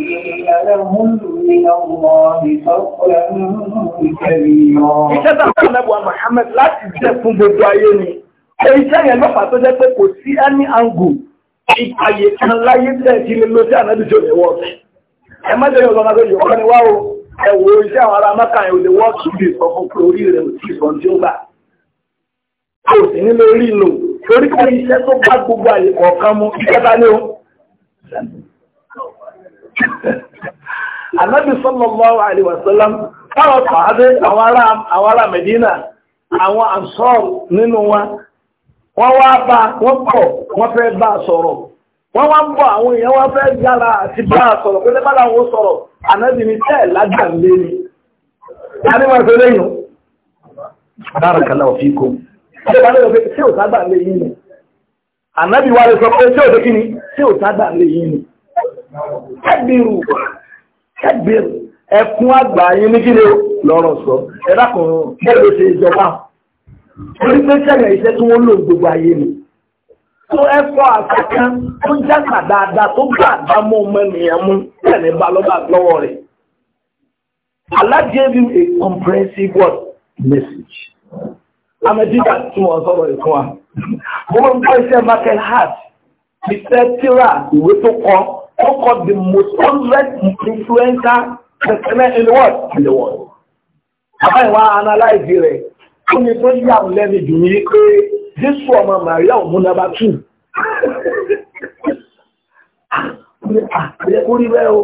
لهم من الله فضلا كبيرا iṣẹ́ tá أبو nàbọ̀ لا láti jẹ́ fún gbogbo ayé ni iṣẹ́ yẹn lọ́fà tó jẹ́ pé kò sí any angle ìpàyè kan láyé tẹ̀sí lé lóṣì ànábìjọ rẹ̀ wọ́ọ̀sì ẹ má jẹ́ yọ̀ọ́ lọ́nà yọ̀ọ́ ni wá o ẹ wo iṣẹ́ àwọn ará mọ́kà yẹn lè wọ́ọ̀sì bí ìsọ̀kan pé orí rẹ̀ ò tí ì sọ̀ ó gbà kò sí nílé orí lò torí pé iṣẹ́ tó bá gbogbo àyè kọ̀ọ̀kan mú ìjọba ní o. Ànábì sallallahu alaihi wasallam táwọn pàádé àwọn ará Mẹ̀dínà, àwọn àǹsọ́ọ̀ nínú wa, wọ́n wá bá wọ́n pọ̀ wọ́n fẹ́ bá sọ̀rọ̀. Wọ́n wá ń bọ̀ àwọn èèyàn wọ́n fẹ́ yára àti bá sọ̀rọ̀ pé lẹ́bàá làwọn sọ̀rọ̀ ànábì ní tẹ́ lágbà lé ni. Adéwọ̀n fẹ́ lẹ́yìn. Bárakàlá fikum. Ṣéwà lè sọ pé ṣé òtágbà lè yí ni? Ànábì wa lè sọ pé ṣé òtẹ́ kí ni? Ṣé òtágbà lè yí ni? Kẹ́bìrù kẹ́bìrù ẹkún àgbà yín ní kíni lọ́rọ̀ sọ. Ẹ dákùnrin kẹ́lò ṣe ìjọba. Orí pé sẹ́yìn iṣẹ́ tí wọ́n lò gbogbo ayé ni. Tó ẹ fọ àṣà kan tó jágbà dáadáa tó gbà dámọ́ ọmọ ènìyàn mú tẹ̀lé ba lọ́wọ́ rẹ̀. Allah gave you a comprehensive word message amẹ́díkà tí wọ́n sọ̀rọ̀ ìfún wa mo máa ń kọ́ iṣẹ́ Michael Hart iṣẹ́ tíra ìwé tó kọ ó kọ the most hundred influencer person in the world in the world àbáyé wa analyze rẹ̀ ó ní tó yà ń lẹ́nu jù ní pé Jésù ọmọ Màríà òmùnàbà tù àyẹ kó rí bẹ́ẹ̀ o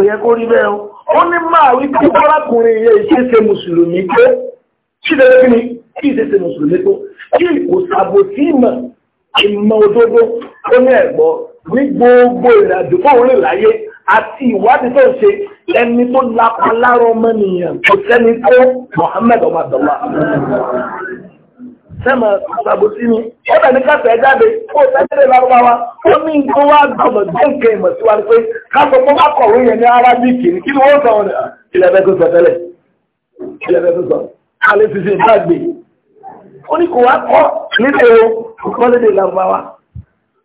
àyẹ kó rí bẹ́ẹ̀ o ó ní máa wí pé bọ́lákùnrin yẹ ìṣe ṣe mùsùlùmí pé ṣídẹ̀ẹ́gbìn kí ìdẹ́sẹ̀ mùsùlùmí tó kí ìkòsàbò tí ìmọ̀ ìmọ̀ òdodo ó ní ẹ̀gbọ́ ní gbogbo ìrìnàjò fún orí láyé àti ìwádìí tó ń ṣe ẹni tó lápá lárọ́ mọ́nìyàn kò sẹ́ni tó Muhammad ọmọ àdọ́lá sẹ́mọ̀ ìsàbò sí ni ó dẹ̀ ní kásẹ̀ ẹ̀ jáde ó sẹ́lẹ̀ lárúbáwá ó ní tó wá gbọ̀mọ̀ gbọ̀ǹkẹ̀ ìmọ̀ sí wa ni pé káàkó mo bá kọ̀wé yẹn ní arábíkì ni kí ni wọ́n sọ wọn ilẹ̀ ẹ̀fẹ́ tó sọ tẹ́lẹ̀ ilẹ̀ ẹ̀fẹ́ tó sọ alẹ́ fi ṣe ó ní kò wá kọ́ nílé o kọ́ lédè lárúbáwá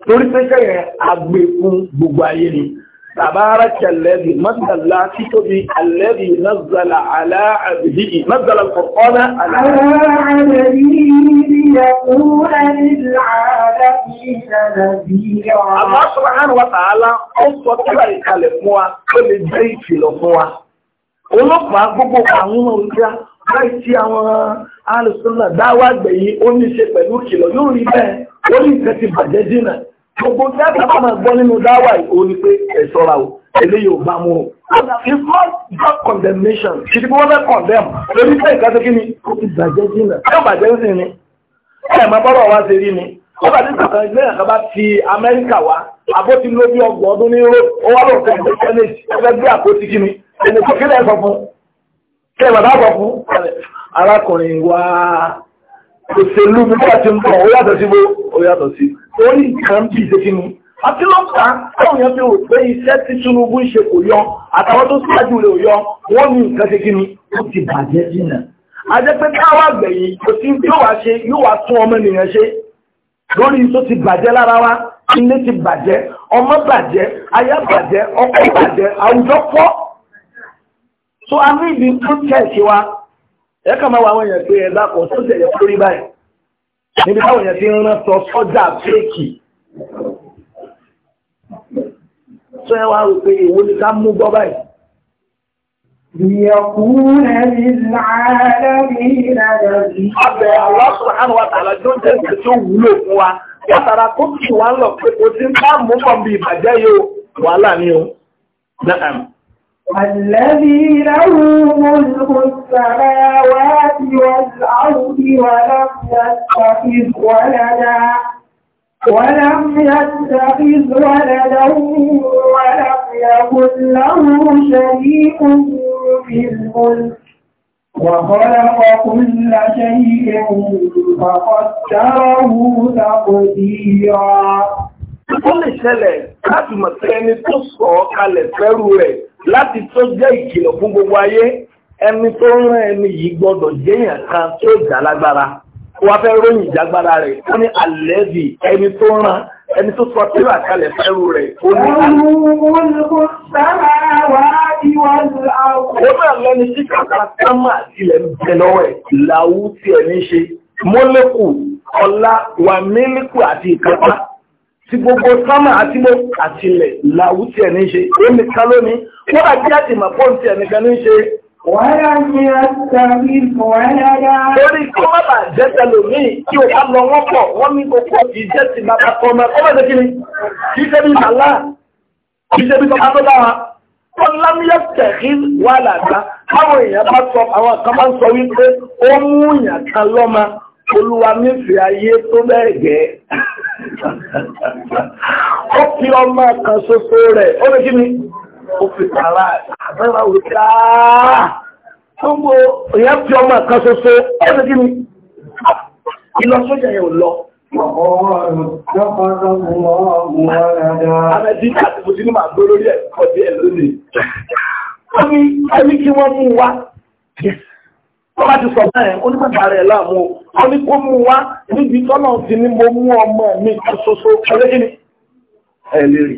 torí pé sẹ́yìn agbèkún gbogbo ayé ni tàbára kẹlẹ́bì mọ́tàlá títóbi alẹ́bì nazala aláàbìdì nazala kọ̀kọ́lá aláàbìdì olóòpàá gbogbo àwọn ọmọ láìsí àwọn alùsùnà dáwà gbẹ̀yìn ó ní ṣe pẹ̀lú kìlọ̀ yóò rí bẹ́ẹ̀ ó ní nǹkan ti bàjẹ́ dínà gbogbo tí a máa gbọ́ nínú dáwà yìí ó o eléyìí ò bá mú o it's not just condemnation kì í ṣe wọ́n fẹ́ condemn lórí pé ìkàtó kí ni ó ti bàjẹ́ dínà ẹ bàjẹ́ sí ni ẹ máa bọ́rọ̀ wá ṣe rí ni ó bá ti sọ̀rọ̀ ilé ẹ̀ka bá ti Amẹ́ríkà wá àbó ti lóbi ọgbọ̀n ọdún ní Europe ó wá lóòótọ́ ìgbésẹ̀ ẹgbẹ́ àpótí kí ni ẹnì kí ẹ bàbá bọ̀ fún arákùnrin wa òṣèlú mi bá ti ń bọ̀ ó yàtọ̀ sí bó ó yàtọ̀ sí ó ní nǹkan bí ìṣe sínú àti lọ́pàá táwọn èèyàn fi rò pé iṣẹ́ tí Tinubu ń ṣe kò yọ àtàwọn tó ṣáájú rẹ̀ ò yọ wọ́n ní nǹkan ṣe kí ó ti bàjẹ́ jìnnà a jẹ́ pé káwá gbẹ̀yìn kò sí yóò wá ṣe yóò wá tún ọmọ ènìyàn ṣe lórí tó ti bàjẹ́ lára wa ilé ti bàjẹ́ ọmọ bàjẹ́ aya bàjẹ́ ọkọ bàjẹ́ àwùjọ fọ́ so a ní ibi protest wa ẹ kàn máa wọ àwọn èèyàn pé ẹ bá kọ sóṣẹ̀ yẹ lórí báyìí níbi táwọn èèyàn ti ń rán sọ sọ́jà fèkì tó ẹ wá rò pé èwo ni ká mú gbọ́ báyìí. ليكون للعالمين نذيرا Ọbẹ̀ Allah subhanahu wa ta'ala tó ń jẹ́ ìṣẹ́ tó wúlò fún wa. Yàtàrà tó kì wá lọ pé o ti ń bá mú pọ̀ bí ìbàjẹ́ yóò wà láàrin o. Nàìjíríà. الذي له ملك السماوات والأرض ولم يتخذ ولدا ولم يتخذ ولدا ولم يكن له شريك في الملك وخلق كل شيء فقدره تقديرا. Ó lè ṣẹlẹ̀ láti mọ̀ sí ẹni tó sọ ọ́ kalẹ̀ fẹ́rù rẹ̀. láti tó jẹ́ ìkìlọ̀ fún gbogbo ayé ẹni tó rán ẹni yìí gbọ́dọ̀ jẹ́yàn kan tí ó jà lágbára wọ́n fẹ́ ròyìn ìjágbára rẹ̀ ó ní àlẹ́bì ẹni tó rán ẹni tó sọ tíra kalẹ̀ fẹ́rù rẹ̀ ó ní àlẹ́ni tí kàkà sámà tilẹ̀ ń bẹ lọ́wọ́ ẹ̀ làwú tí ẹ̀ gbogbo sámà àti ilẹ̀ làwú tí ẹ̀ ní ṣe ó ní ká lónìí Kọ́dà bí láti mọ̀ fóun ti ẹ̀nìkan ní ṣe. Wàhálà ni a sàrí wàhálà yá. Lórí kí wọ́n bá jẹ́ tẹlòmíì tí o bá lọ wọ́n pọ̀, wọ́n ní kókó jẹ́ ti Ó bẹ̀rẹ̀ kí ni? ṣe bí màlá, ṣe bí sọ, àwọn kan bá ń sọ wípé ó mú kan lọ́mọ. Olúwa nífẹ̀ẹ́ ayé tó bẹ́ẹ̀ gẹ́. ó fi tààrà àbẹ́rẹ́ òkúta gbogbo èyàn fi ọmọ kan ṣoṣo ẹ̀rọ kí ni ìlọ sójà yẹn ò lọ. Àmẹ́bí àti mo ti ní màá gbó lórí ẹ̀kọ́ díẹ̀ lónìí. Wọ́n ní ẹni kí wọ́n mú wa. Wọ́n bá ti sọ bẹ́ẹ̀ onígbàgbà rẹ̀ láàmú. Wọ́n ní kó mú wa níbi tọ́nà ti ní mo mú ọmọ mi kan ṣoṣo ẹlẹ́gìnì. Ẹ lè rí.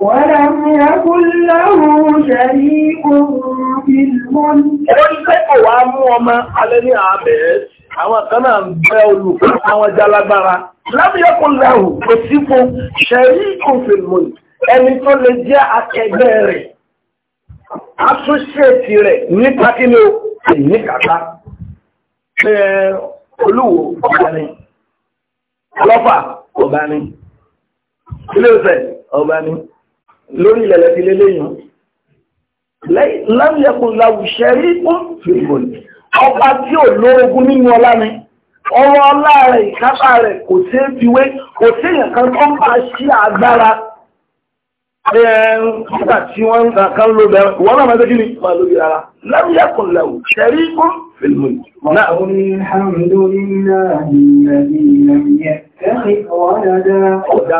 ولم يكن له شريك في الملك wọ́n tẹ́ kò wá mú ọmọ alẹ́ ní àbẹ̀ẹ́ àwọn kan náà ń bẹ́ olùkọ́ àwọn jalagbára lábíyẹ́kùn láhù kò sí fún ṣẹ̀rí òfìmọ̀ ẹni tó lè jẹ́ akẹgbẹ́ rẹ̀ asúṣẹ́ẹ̀tì rẹ̀ nípa kí ló ní kàtà olúwo ọ̀bání ọlọ́fà ọ̀bání ilé ìfẹ́ ọ̀bání lórí ilẹ̀ lẹ́ti lélẹ́yìn lámìlẹ́kùn láwùṣẹ́ rí fún fìrìbòlì ọba tí ò lórogún nínú ọlá ni ọwọ́ ọlá rẹ̀ ìkápá rẹ̀ kò sí fiwé kò sí ìyànkan tó ń bá ṣí agbára nígbà tí wọ́n kan ló bẹ̀rẹ̀ wọ́n náà mẹ́tẹ́ kí ni máa lórí ara lámìlẹ́kùn láwùṣẹ́ rí fún fìrìbòlì náà. ọ̀dà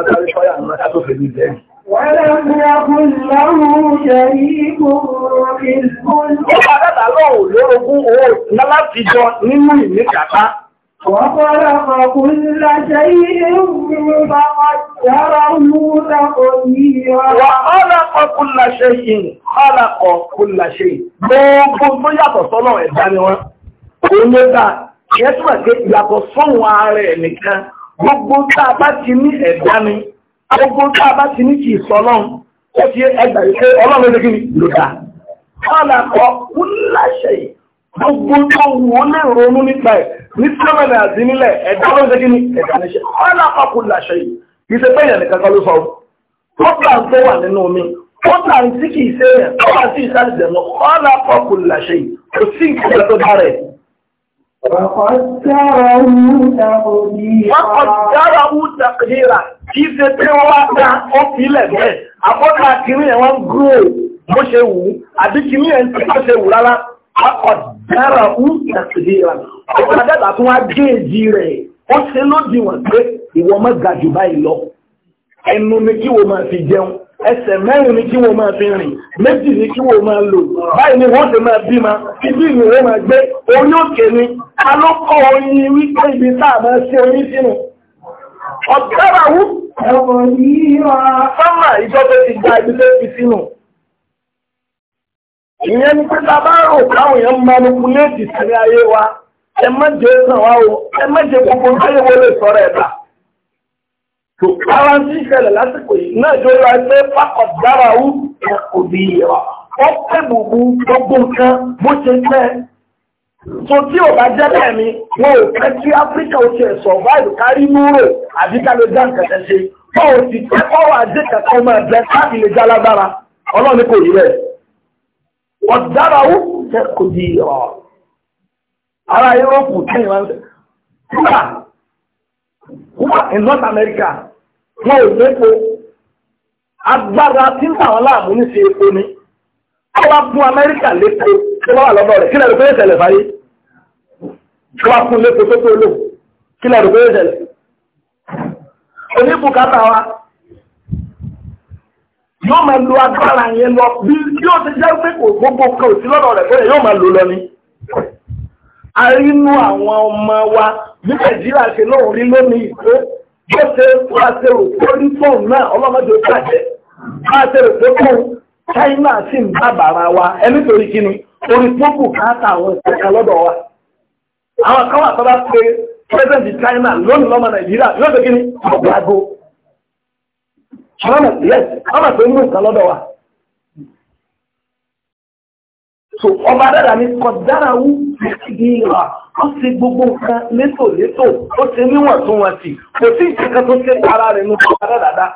bẹ́ẹ̀. Wọ́n lọ́kùn lọ́rùn ṣe ikú ìlú. Ó bá dàtà lọ́wọ́ lórogún owó láti jọ nínú ìmìkàtá. وخلق كل شيء فقدره تقديرا وخلق كل شيء خلق كل شيء gbogbo tó yàtọ̀ sọ́lọ̀ ààrẹ nìkan gbogbo tá ti ní ẹ̀dá ni gbogbo tá a bá ti ní kì í sọ ọlọ́run ó ti ẹgbà yìí pé ọlọ́run ló dé kí ni ló dá ọ̀là kọ wúláṣẹ gbogbo tó wù ó lè ronú nípa ẹ̀ ní sọ́mẹ̀lẹ̀ àti nílẹ̀ ẹ̀dá ló dé kí ni ẹ̀dá ní ṣe ọ̀là kọ kò láṣẹ yìí kì í ṣe pé ìyànnì kankan ló sọ ọ́ kọ́pà tó wà nínú mi kọ́pà tí kì í ṣe yẹn kọ́pà tí ìṣàlẹ̀ Wọ́kọ̀dáraú tàkìlá kí ṣe tí wọ́n wá dá ọ́pìlẹ̀ bẹ́ẹ̀. Àkọ́kà kìrí ẹ̀ wọ́n gúrò bó ṣe wù, àbí kìrí ẹ̀ tí ó ṣe wù rárá. Wọ́kọ̀dáraú tàkìlá. Ọ̀pọ̀dádà tún wá géèjì rẹ̀. Ó ṣe lódiwọ̀n pé ẹsẹ̀ mẹ́rin ni kí wọ́n máa fi rìn méjì ni kí wọ́n máa lò báyìí ni wọ́n ti máa bí ma ibi ìrìn wọ́n máa gbé orí òkè ni alókọ̀ oyin wípé ibi táà máa ṣe oyin sínú ọ̀gára wú sọ́mà ìjọba ti gba ibi tó fi sínú ìyẹn ni pé ta bá rò káwọn èèyàn manipulate ìsinmi ayé wa ẹ má jẹ́ sàn wá o ẹ má jẹ́ gbogbo ayé wọlé sọ̀rọ̀ ẹ̀dá tó ara ń ṣẹlẹ̀ lásìkò yìí náà jọ ra ẹgbẹ́ pákọ̀ dára ó ẹ̀kọ́ bí ìyẹ̀wà wọ́n pẹ́ gbogbo gbogbo nǹkan bó so tí ò bá jẹ́ bẹ́ẹ̀ ni wọn ò fẹ́ tí áfíríkà ó ti ẹ̀sọ̀ báyìí kárí núrò àbí ká ló já nǹkan ṣe wọn ò sì tẹ́ kọ́rọ̀ ajé kankan ọmọ ẹ̀bẹ̀ káàkì lè já lágbára ọlọ́run kò rí rẹ̀ ọ̀dára ó kẹ́kọ̀ọ́ di ọ̀ in North America wọn ò lépo agbára tí ń tàwọn láàmú ní ṣe epo ni ó wá fún amẹ́ríkà lépo tó wà lọ́dọ̀ rẹ̀ kí lẹ́rù pé ìṣẹ̀lẹ̀ fáyé tó wá fún lépo tó tó lò kí lẹ́rù pé ìṣẹ̀lẹ̀ oníbùkátà wa yóò máa lo agbára yẹn lọ bí yóò ti jẹ́ pé kò gbogbo kan ò sí lọ́dọ̀ rẹ̀ pé yóò máa lò lọ ni a rí inú àwọn ọmọ wa ní nàìjíríà ṣe lóhùn rí lónìí tó bó ṣe wá ṣe òkúrí fóun náà ọlọ́mọdé pàṣẹ wá òkúrí China sì ń bá bàrà wa ẹni torí kínú orí tó kù àwọn wa àwọn pé president China lónìí lọ́mọ Nàìjíríà yóò ṣe ọmọ tó ìgbìyànjú ó ti gbogbo nǹkan létò létò ó ti níwọ̀n tún wọn sí kò sí ìṣẹ́kan tó ṣe ara rẹ̀ ní ọ̀rọ̀ dáadáa.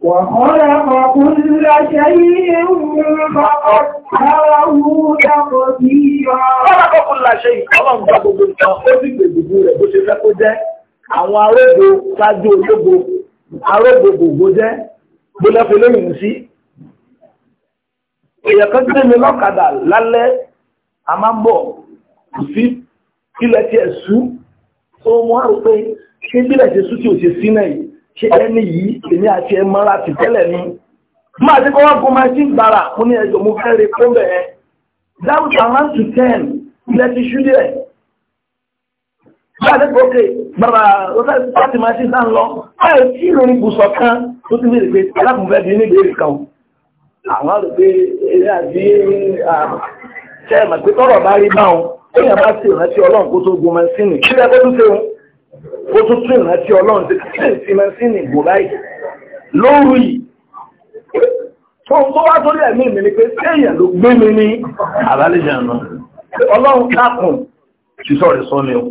وخلق كل شيء فقدره تقديرا خلق كل شيء ọlọ́run bá gbogbo nǹkan ó sì gbè gbogbo rẹ̀ bó ṣe fẹ́ kó jẹ́ àwọn arógbò ṣáájú ológo arógbò gbogbo jẹ́ gbólẹ́fẹ́ lóyìn sí èèyàn kan gbé mi lọ́kadà lálẹ́ àmàbọ̀ kò sí ilẹ̀ tí ẹ̀ sú ó mú àrò pé ṣé bílẹ̀ ṣe sú tí ò ṣe sí náà yìí ṣe ẹni yìí èmi àti ẹ mọ́ra ti tẹ́lẹ̀ ni máa ti kọ́ wọ́n kó máa ti gbára fún ní ẹjọ́ mo fẹ́ rí kó bẹ̀ẹ́ dáhùn àwọn to ten ilẹ̀ ti ṣú díẹ̀ bá a ti kọ́ ké bàbá lọ́sẹ̀ láti máa ti sá ń lọ báyọ̀ tí ìròyìn ibùsọ̀ kan tó ti bèèrè pé alákùnfẹ́ bí ní ìbéèrè kan àwọn ṣẹ́ẹ̀mà pé tọ́rọ̀ bá rí báwọn èèyàn bá ti ìrántí ọlọ́run kó tó gun mẹ́sìnì kí lẹ́ kó tún ṣe wọn kó tún tún ìrántí ọlọ́run ti kí lè fi mẹ́sìnì gùn báyìí lóru yìí tó ń bọ́ wá ẹ̀mí mi ni pé téèyàn ló gbé mi ní àbálẹ́jà náà ọlọ́run dákùn ṣiṣọ́ rẹ̀ sọ mi o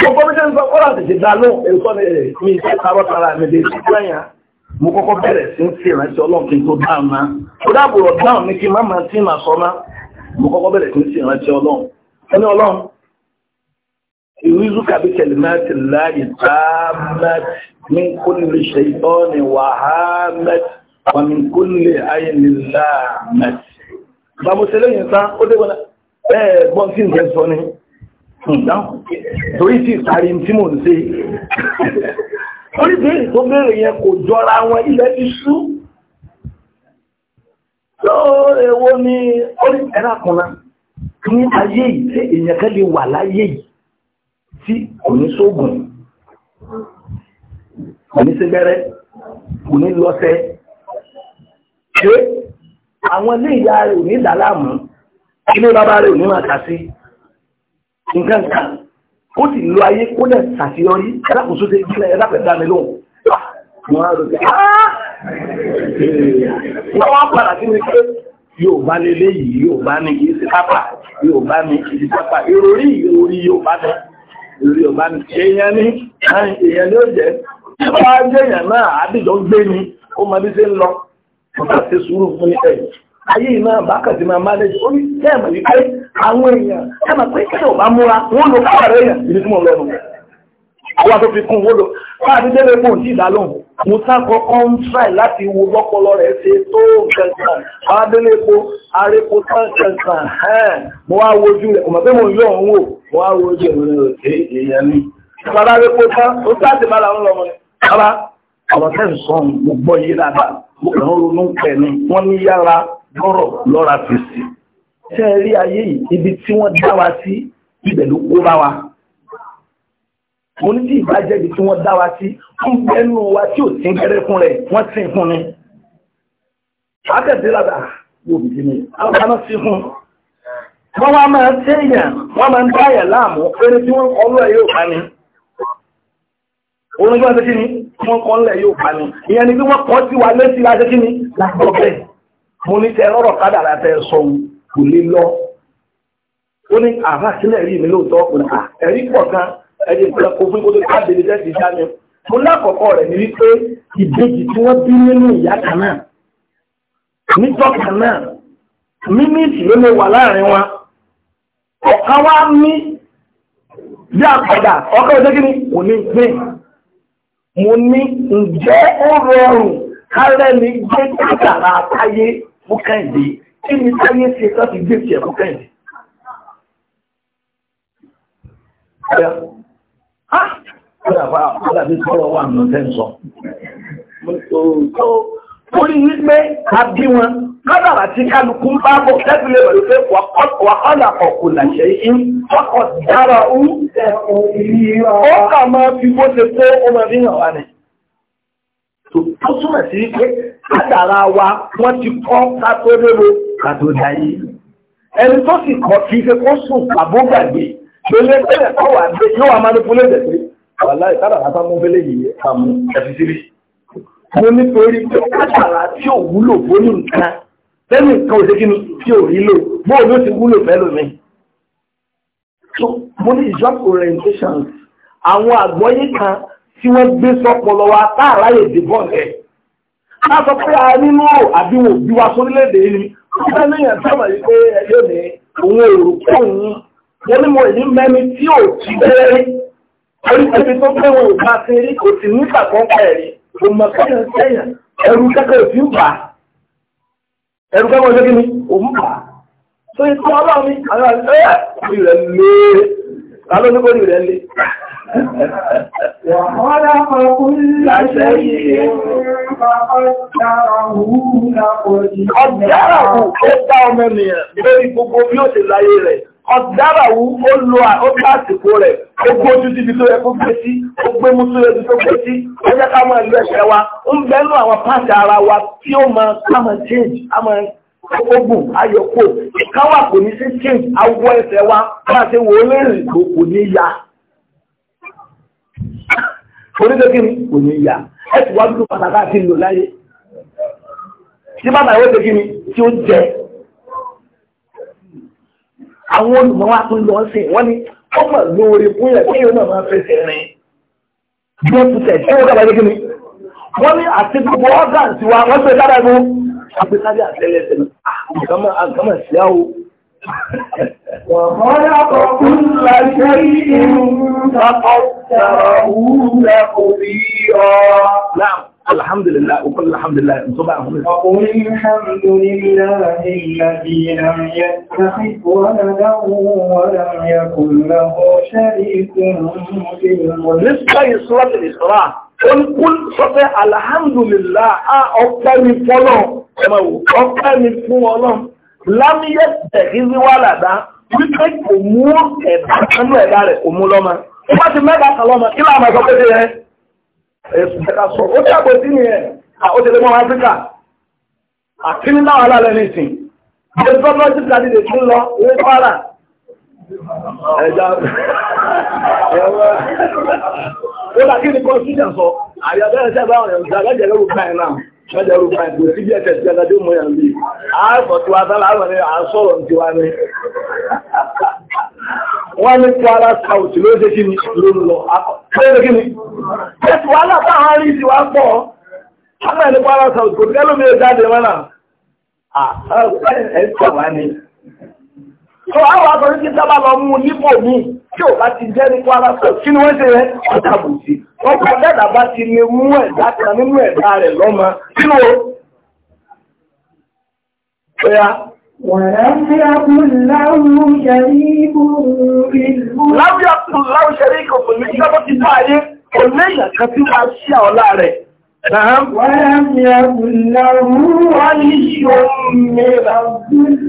gbogbo bí ṣe ń sọ kọ́lá ti ṣe dá lóhùn èso ni mi ṣe kárọ́ tara mi lè ṣe gbẹ̀yà mo kọ́kọ́ bẹ̀rẹ̀ sí ń ṣe ìrántí ọlọ́run kí n tó dáhùn náà ó dáàbò rọ̀ dáhùn ní kí má máa tí mà sọ náà mo kọ́kọ́ bẹ̀rẹ̀ sí ń ṣe ìrántí ọlọ́run ẹni ọlọ́run ìrúzú kàbí kẹlìmáàtì láàyè táàmàtì ní kúlè ṣètọ́ni wàhámẹ́tì wà ní kúlè ayélujáàmẹ́tì. bàbùsẹ̀ lẹ́yìn tán ó dé wọn bẹ́ẹ̀ gbọ́n sí nǹkan sọ ni hmm, torí sí ìparí tí mò ń ṣe orí bèèrè tó bèèrè yẹn kò jọra wọn ilẹ̀ ti ṣú tó èwo ni orí ẹ̀rọ ní ayé ìfẹ́ èèyàn kan lè wà láyé yìí tí kò ní sóògùn kò ní síbẹ̀rẹ̀ kò ní lọ́sẹ̀ ṣé àwọn ilé ìyá rẹ̀ ò ní dàlámù ilé bàbá rẹ̀ ò ní máa kà sí nǹkan kan kó sì lo ayé kó lẹ̀ ṣàṣeyọrí ẹlákòóso ṣe ìgbìlẹ̀ ẹlápẹ̀dá mi lóhùn ah! wọ́n á rò pé wọ́n ah! wá padà sí mi pé yóò bá lélé yìí yóò bá ní kìí sí pápá yóò bá ní kìí sí pápá ìròrí ìròrí yóò bá ní ìròrí yóò bá ní èèyàn ní èèyàn ní ó jẹ́ wọ́n á jẹ́ èèyàn náà àdìjọ ń gbé ni ó mọ bí ṣe ń lọ ọ̀gá ṣe sùúrù fún ẹ̀ ayé náà bákan ti máa máa lẹ́jọ́ orí jẹ́ ẹ̀mọ̀ wípé àwọn èèyàn ẹ̀mọ̀ pé kí àwọn tó fi kún owó lọ máa ti délé mò ń sí ìdálóhùn mo sá kọ́kọ́ ń try láti wo bọ́pọlọ rẹ̀ ṣe tó kẹsàn bá délé epo arépo tán kẹsàn mo wá wojú rẹ̀ ọmọ pé mo yọ òun wò mo wá wojú rẹ̀ mo rò pé èèyàn ni bàbá arépo tán ó mo ní tí ìbàjẹ́ ibi tí wọ́n dá wa sí ń gbẹ́nu wa tí ò sí gẹ́rẹ́ fún rẹ̀ wọ́n sì fún ni akẹ́sí lábà ah, yóò bí ní àwọn sí fún wọ́n wá máa ṣe èèyàn wọ́n máa ń dáyà láàmú pẹ́rẹ́ tí wọ́n kọlu ẹ̀ yóò pa ni orin gbọ́n ṣe kí ni wọ́n kọ́ ńlẹ̀ yóò pa ni ìyẹn ni bí wọ́n kọ́ sí wa létí la ṣe kí ni lágbọ́ bẹ́ẹ̀ mo ní tẹ lọ́rọ̀ kádà láti ẹ̀ sọ kò lè lọ ó ní àbá sílẹ̀ rí mi lóòótọ́ ọkùnrin ẹ̀rí pọ̀ gan ẹni ìpínlẹ̀ kò fún ìkótó káàdì ní tẹ́sí ìdáni mo lákọ̀ọ́kọ́ rẹ̀ ní wípé ìbejì tí wọ́n bí nínú ìyá kan náà nítọ́ kan náà mímíìtì ló lè wà láàrin wọn ọ̀kan wá ní bí àpàdà ọkọ̀ ọjọ́ kí ni kò ní gbé mo ní ǹjẹ́ ó rọrùn kárẹ́ ní gbé kàkàrà táyé fún kẹ́hìndé kí ni táyé ṣe láti gbé tiẹ̀ fún kẹ́hìndé. Torí wípé a bí wọn, kádàrà tí kálukú ń bá bọ̀ lẹ́gbìlẹ̀ pẹ̀lú pé wàhálà ọ̀kù làṣẹ yìí, ọkọ̀ dára ó, ó kà máa fi bó ṣe pé ó máa fi hàn wá nì. Tó túnmọ̀ sí wípé kádàrà wa wọ́n ti kọ́ ká tó lélo ká tó dáyé. Ẹni tó sì kọ̀ kí ṣe kó sùn àbógbàgbé. Gbélé tẹ́lẹ̀ kọ́ wà dé yóò wà manipulate pé wàhálà ìkádà látà mú fẹ́lẹ́ yìí àmú ẹ̀fí Mo nítorí pé kátàrà tí ò wúlò fóní nǹkan lẹ́nu nǹkan òṣèké ni tí ò rí lò bóò ló ti wúlò fẹ́lò mi. So mo ní job orientations àwọn àgbọ́yé kan tí wọ́n gbé sọ́pọlọ wa táàrá lè dìbọn rẹ̀. Ká sọ pé a nínú àbí wọn òbí wa sórílẹ̀-èdè yìí ni. Wọ́n fẹ́ lẹ́yìn àtàwọn yìí pé ẹjọ́ wọ́n ní mo èyí mẹ́ni tí ò jí bẹ́ẹ̀rí oríṣiríṣi tó pé wọn ò bá ti rí kò sì ní kàkọ́kọ́ ẹ̀rí kò mọ̀ kẹ́yìn sẹ́yìn ẹ̀rù kẹ́kẹ́ òfin bà á ẹ̀rù kẹ́kẹ́ òfin ni òun bà á tó yẹ kí wọ́n bá mi àwọn ẹ̀ orí rẹ̀ lé kálọ́ ní orí rẹ̀ lé. Wàhálà ọkùnrin láṣẹ yìí ọ̀dàrà kò dá ọmọ nìyẹn lórí gbogbo bí ó ti láyé rẹ̀. ọ̀dábàwú ó lo àkókò àsìkò rẹ̀ ó gbé ojú síbi tó yẹ kó gbé sí ó gbé mú tó gbé sí ó jẹ́ ká wa ó ń bẹ́nu àwọn ara wa tí ó máa ká máa change máa ogun ayọ̀pọ̀ wà kò ní sí change awọ ẹsẹ̀ wa bá a ṣe wò ó lérìn kò kò ní ya ni kò ní bàbá ìwé ni tí ó àwọn olùmọ̀ wa tún lọ sí wọ́n ní ọmọ lóore fún yẹ kí yóò máa fẹsẹ̀ rìn jẹ́ tutẹ̀ tí wọ́n dábàá gẹ́gẹ́ ni wọ́n ní àti gbogbo organ ti wa wọ́n pè dára nu àgbésájà àtẹlẹsẹ̀ àgbàmọ̀ àgbàmọ̀ sí àwọ̀. Wọ̀mọ́lá ọkùn lájẹ́ ìrìn ń tapọ̀ tààrà òun lẹ́kọ̀ọ́ الحمد لله وكل الحمد لله سبحانه إيه؟ وقل الحمد لله الذي لم يتخذ ولدا ولم يكن له شريك في الملك نسبة صلاة الإسراء قل قل صلاة الحمد لله أكبر آه، فلان كما هو أكبر فلان لم يتخذ ولدا wípé kò mú ẹ̀dá kanú ẹ̀dá rẹ̀ kò mú lọ́mọ. ó bá ti mẹ́ta kan lọ́mọ kí láàmú ẹ̀kọ́ pété yẹn. ẹ̀sùn ẹ̀ka sọ ó dàgbò sí ni ẹ̀ ó ti lè mọ́ áfíríkà àkíní náà alálẹ́ ní ìsìn ó ti tọ́lọ́ sí ìdádìdè tí ń lọ owó kwara ẹ̀já ó dà kí ni constitution sọ àyàbẹ̀rẹ̀ sẹ́gbà ọ̀rẹ́ òṣèlú àgbẹ̀jẹ̀ mẹ́jọrù fún àìgbò sí bí ẹ̀kẹ́ sí ẹ̀kẹ́ tó mọ̀ yàn bí àárọ̀ tí wá sálà àwọn ẹ̀rẹ́ àásọ̀rọ̀ tí wá ní wọ́n ní ni ló ń lọ akọ̀kọ́ kí ni ẹ̀sùn wá lápá àwọn rí ti wá pọ̀ ọmọ ẹ̀ ní tó àwọn akọrin tí sábà lọ mú nípò mi tí ò bá ti jẹ́ ní kwara sọ kí ni wọ́n ṣe rẹ̀ ọ̀tà bù sí wọ́n kọ́ dẹ́dà bá ti lè mú ẹ̀dá kan nínú ẹ̀dá rẹ̀ lọ́mọ sínú o. Lábíà kún láwù ṣẹ̀ríkù fún mi, ìjọba ti bá ayé, نعم ولم يكن له ولي من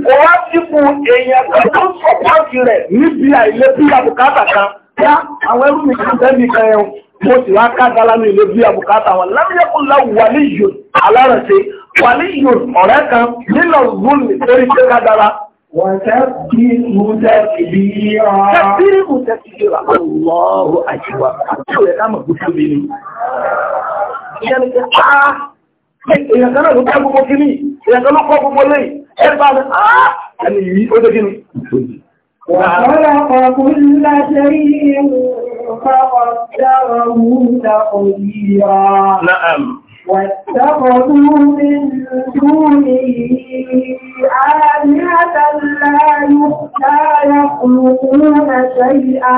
Ọwọ́síkú èèyàn kan tó sọ́pàájì rẹ̀ níbi àìlé bí àbùkátà kan, yá àwọn ẹrù mi kan tẹ́bí kan ẹ̀hùn, mo sì wá káàdá lánú ilé bí àbùkátà wọn. Lámíyẹ́kùn láwù wà ní yòó alárẹ̀ṣe, wà ní yòó ọ̀rẹ́ kan nínà gúnmì torí pé kádàrá. Wọ́n tẹ́ bí mú tẹ́ bí rà. Tẹ́ bí mú tẹ́ bí rà. Ọlọ́run àjíwá àti ọ̀rẹ́ ká mọ̀ ìyẹn ni pé áá ah, èèyàn kan náà ló kẹ́ gbogbo kíní èèyàn kan ló kọ́ gbogbo lé ẹgbà ni áá ah, ẹni yìí ó dé kíní. Wàhálà ọkùnrin ńlá ṣe rí واتخذوا من دونه آلهة لا يخلقون شيئا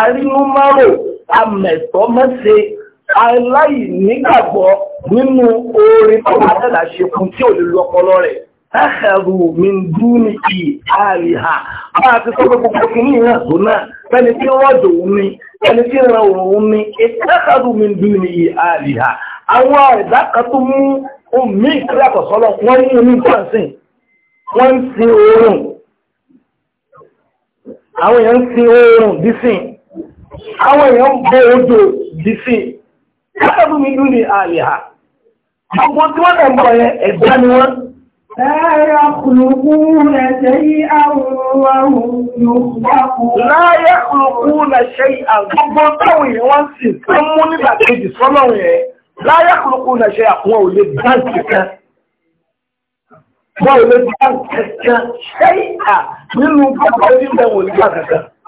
arínúmárò amẹ̀tọ́mẹ́sẹ̀ aláìnígbàgbọ́ nínú oore tó bá dàda ṣe fún tí ò lè lu ọpọlọ rẹ̀ ẹ̀hẹ̀rù mi ń dú ní kì í àríhà máa ti sọ pé gbogbo kìíní ìrìn àjò náà fẹ́ni tí wọ́n dòun ni ẹni tí ìran òun ni ẹ̀hẹ̀rù mi ń dú ní kì í àríhà àwọn ẹ̀dá kan tó mú omi ìkírí àkọ̀sọ́lọ̀ wọ́n ní omi ìpànsìn wọ́n ń sin oorun àwọn èèyàn ń sin oorun dísìn àwọn èèyàn bẹ odò dìsí látọ̀dún mi lú ní àlìhà gbogbo tí wọ́n tẹ̀mọ̀ yẹ ẹ̀dá ni wọ́n láyé kùlùkùn nà ṣe àgbogbo táwọn láyé kùlùkùn nà àwọn ò lè báńkì kan wọ́n ò lè báńkì kan ṣe à nínú gbogbo onígbà wọn ò lè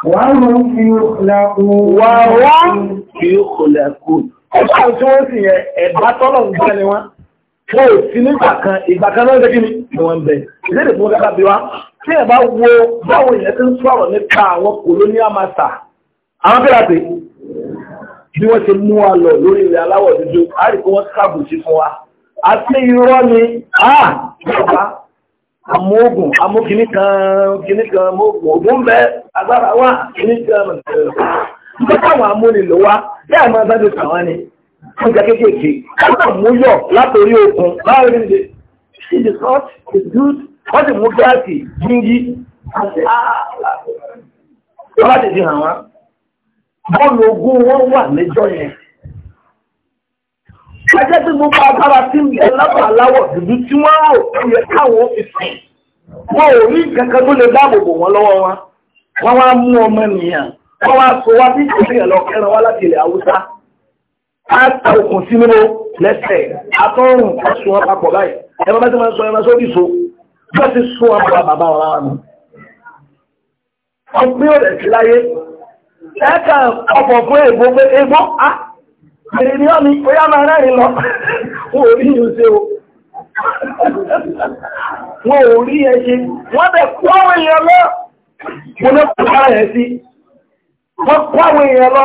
Wàrún fi òkùnlẹ̀kùn. Wàrún fi òkùnlẹ̀kùn. Ọjọ́ àwọn tí wọ́n sì yẹ ẹ̀bá tọ́lọ̀ ń gbá ni wọ́n. Wọ́n ò sí nígbà kan, ìgbà kan náà gẹ́gẹ́ ni wọ́n bẹ̀. Ìlédè fún gẹ́gẹ́ bí wá. Tí ẹ bá wo báwo ìyẹn ti ń sọ̀rọ̀ nípa àwọn colonial master, àwọn fẹ́ra pé bí wọ́n ti mú wa lọ lórí ilẹ̀ aláwọ̀ dúdú, a rí pé wọ́n sábùsí fún wa. Àti irọ́ ni, ah, amóògùn amókìní kan kìní kan mọ́ògùn ògùn bẹ́ agbára wà kìní kan nígbàtàwọn amúnilò wa bí àmọ́ sáájú kàwọn ni wọ́n jẹ́ kéékèèké káàkiri múyọ̀ látòrí òkun láàrin ìdè she is hot is good wọ́n sì mú gáàsì yíyí wọ́n láti fi hàn wá bọ́ọ̀lù ogún wọn wà lẹ́jọ́ yẹn ajẹ́ tí gbogbo agbára tí ń bẹ lábà aláwọ̀ dúdú tí wọ́n rò ó yẹ káwọn fi sìn wọn ò rí kankan tó lè dáàbò bò lọ́wọ́ wọn wọ́n wá mú ọmọ nìyàn wọ́n wá sọ wá bí ìṣẹ̀lẹ̀ lọ kẹran wá láti ilẹ̀ haúsá á ta òkun sí mímú lẹ́sẹ̀ atọ́rùn ọ̀sùn wọn papọ̀ báyìí ẹ bá bá ti sọ ẹ máa sọ bí ti sún wọn bá bàbá wọn lára nù. ọgbẹ́ òrẹ̀ sí láyé ẹ̀ka ọ̀pọ̀ fún ègbó pé ègbó á ah, Bẹ̀rẹ̀ ni ni, ó máa rẹ́rìn lọ, wọ́n rí yóò o. Wọ́n ò rí ẹṣe, wọ́n bẹ̀ kó èèyàn lọ, mo ní kò kára ẹ̀ sí. Wọ́n kó èèyàn lọ.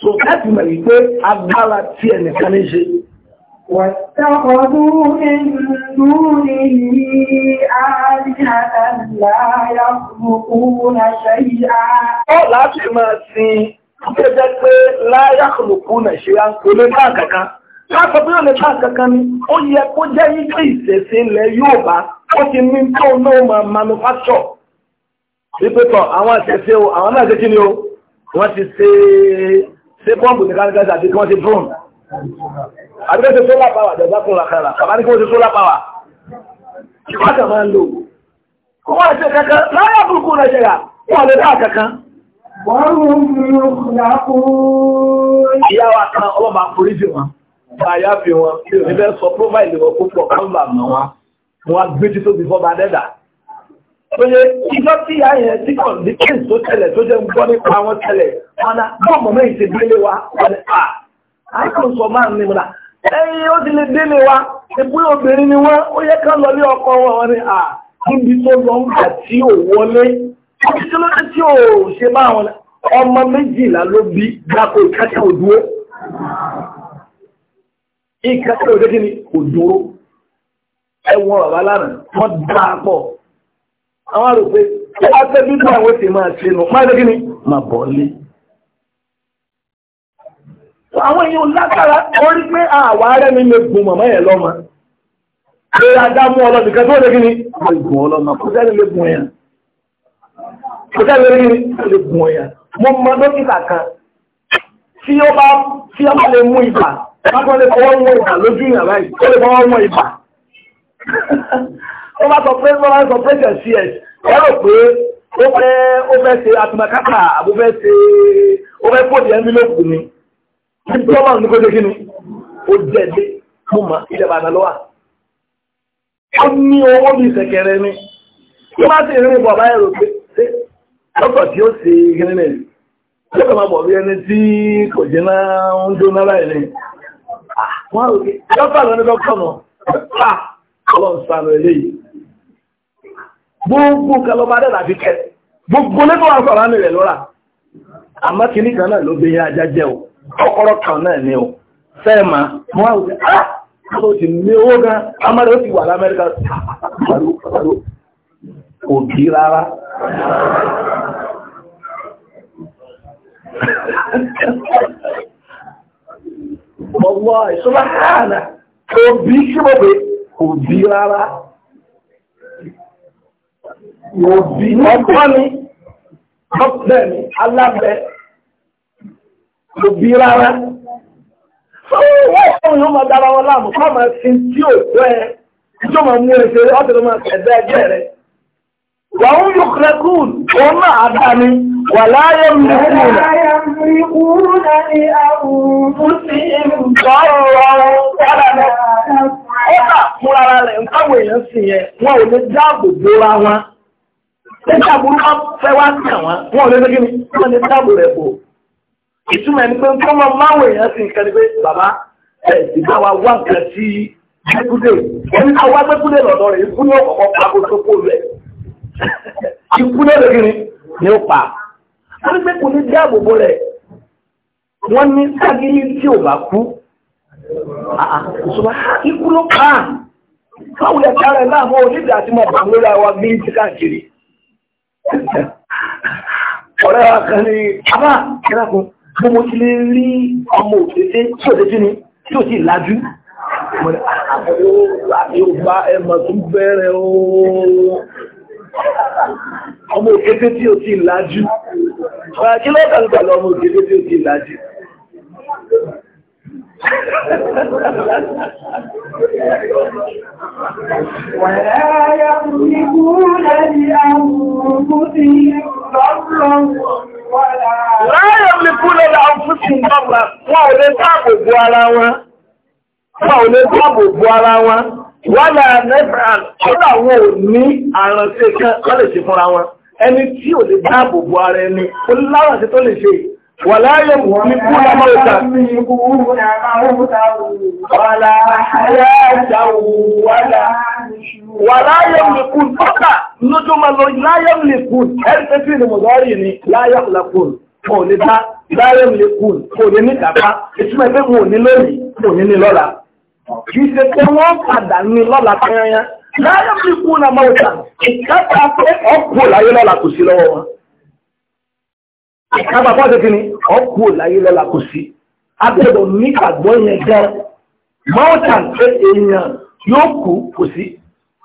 So, láti mọ̀ wípé agbára tí ẹnìkan ní ṣe. واتخذوا من tó jẹ́ pé láyàkùlùkù nàìjíríà kò lè bá kankan láti bí ó lè bá kankan ni ó yẹ kó jẹ́ yíké ìṣẹ̀ṣẹ̀ ilẹ̀ Yorùbá ó ti ní tó náà máa manufacture wípé tán àwọn àṣẹṣe o àwọn náà ṣe kí ni o wọ́n ti ṣe ṣe pọ́ǹpù ní kánikánṣe àti kí wọ́n ti drone àbí kí wọ́n ti solar power dẹ̀ dákun làkàrà bàbá ní kí wọ́n ti solar power ìwádìí máa ń lò kó wọ́n ṣe kankan láyàkùlùkù nàìjíríà wọ́n lè dá kankan. Ìyá wa kan ọlọ́bàá foríjì wọn, bá fi wọn, tí sọ wọn kó pọ̀ kọ́mbà mọ̀ wọn, wọn gbé tí tó bí bọ́ba dẹ́dà. Oye, ìjọ tí ìyá yẹn tí kàn ní kí tó tẹ́lẹ̀ tó jẹ́ gbọ́ nípa wọn tẹ́lẹ̀, wọn mẹ́yìn ti wa, wọn ni à, á kò sọ máa ń ó ti lè délé wa, obìnrin ni wọ́n, ó ọkọ wọn, níbi tó lọ ń gbà Akíkílódé tí ò ṣe bá wọn ọmọ méjìlá ló bí gbáko ìkáṣẹ́ òdúró. Ìkáṣẹ́ òdúró ni òdúró. Ẹwọ bàbá lánàá, wọ́n dá a pọ̀. Àwọn àrò pé kí wá fẹ́ bí bá àwọn èsì máa ṣe nù, máa ṣe kí ni? Máa bọ̀ lé. Àwọn èèyàn lágbára, wọ́n pé àwa rẹ̀ mi lè gùn màmá yẹn lọ́mọ. Eré ajá mú ọlọ́dún kan tó lè kí ni? Wọ́n ọlọ́mọ, kò sẹ́ni ọjọ́ lórí olùgbùn ọ̀yà mo mọ dókítà kan tí ó bá tí ó bá lè mú ibà bákan lè fọwọ́ mú ibà lójú ìyàn báyìí ó lè fọwọ́ mú ibà ó bá sọ pé wọ́n sọ pé jẹ̀sí ẹ̀ ẹ rò pé ó fẹ́ ó fẹ́ ṣe àtùmọ̀kápà àbó fẹ́ ṣe ó fẹ́ pòdì ẹni lóògùn ni ní tọ́lá ní kóde kí ni ó jẹ̀dé mo mọ̀ ilẹ̀ bàdà lọ́wà ó ní owó ní ìṣẹ̀kẹ̀rẹ̀ ni ó má sì rí bàbá ẹ̀ pé lọ́pọ̀ tí ó ṣe gẹ́gẹ́ rẹ̀ lọ́pọ̀ máa bọ̀ bí ẹni tí kò jẹ́ náà ń dó náírà ẹ̀ wọ́n rò pé náà gbogbo kan lọ́ba kẹ́ gbogbo lẹ́nu sọ̀rọ̀ rẹ̀ lọ́ra àmọ́ kìíní kan náà ló gbé ajá jẹ́ o kọ́kọ́rọ́ kan náà ni o fẹ́ẹ̀ wọ́n rò pé ah! ti ní owó gan amáré ó ti wà rárá. Ọgbọ́ ìṣọ́lá ààrẹ kò bí pé obi rárá. ni, ọgbẹ́ ni, alábẹ́, kò rárá. wọ́n ọ̀rọ̀ yóò máa dára wọn kọ́ máa fi tí ò tó ẹ, ìjọ máa mú ẹsẹ̀ rẹ̀, máa ẹgbẹ́ rẹ̀. Wàhún yóò òun náà wà mú يملكون لأنفسهم ضرا ولا Ọba múra ara rẹ̀ ń káwọ̀ èèyàn sí yẹn, wọn ò lè dáàbò bóra wọn. Tẹ́tà burú bá fẹ́ wá sí àwọn, wọn ò lè lókè ní, wọn lè dáàbò rẹ̀ bò. Ìtumọ̀ ẹni pé ń kọ́ wọn máwọ̀ èèyàn sí nǹkan ni pé bàbá ẹ̀ ti wa wá nǹkan sí gbẹ́kúdé. Ẹni ká wá gbẹ́kúdé lọ́dọ̀ rẹ̀, ikú ní ọ̀pọ̀ pàkóso kó rẹ̀. [laughs] ni? Ni ó pa wọ́n ní pé kò ní dáàbò bo rẹ̀ wọ́n ní ságírí tí ò bá kú àṣùgbọ́n ikú ló pa á báwo lẹ kára ẹ̀ láàmú onídìí àti mọ̀ bàmú lórí àwa bí ti káàkiri ọ̀rẹ́ wa kan ní abá kẹ́lákun bó mo ti lè rí ọmọ òṣèṣe tí ò tẹ́jú ni tí ò sì lajú Yorùbá ẹ̀mọ̀ tún bẹ̀rẹ̀ ooo ọmọ òṣèṣe tí ò sì lajú Bàá kí ló kàn pẹ̀lú ọmọ òkè tó ti òkè ìlàjì. ya kúrú lẹ́ni àwòrán lọ́rọ̀ wàlá. Láyọ̀ mi kú lẹ́ni àwòrán lọ́rọ̀ wọn ò lè dáàbò bo ara wọn. Wọn ò lè dáàbò bo ara wọn. Wàlá nẹ́fẹ̀ẹ́ àná, ó làwọn ò ní àrùn tí kan, wọ́n lè ṣe fúnra wọn ẹni tí ò lè dáàbò bo ara ẹni ó lára sí tó lè ṣe wà láyé mú ní kú lámọ́ ìta wà láyé mú kú tọ́ka lójú ma lọ láyé mú kú ẹ̀rẹ́tẹ́sí ni mọ̀lọ́rì ni láyé mú kú kò lè dá láyé mú kú kò lè ní kàpá ìtumọ̀ ẹgbẹ́ wọn ò ní lónìí kò ní ní lọ́la kì í ṣe pé wọ́n padà ní lọ́la pẹ́yẹ́yẹ́ láyé fi kú na mọ́ta ìkápá pé ọkù láyé lọ́la kò sí lọ́wọ́ wọn ìkápá pọ́sí kí ni ọkù láyé lọ́la kò sí agbẹ́dọ̀ ní àgbọ́ yẹn gan mọ́ta pé èèyàn yóò kú kò sí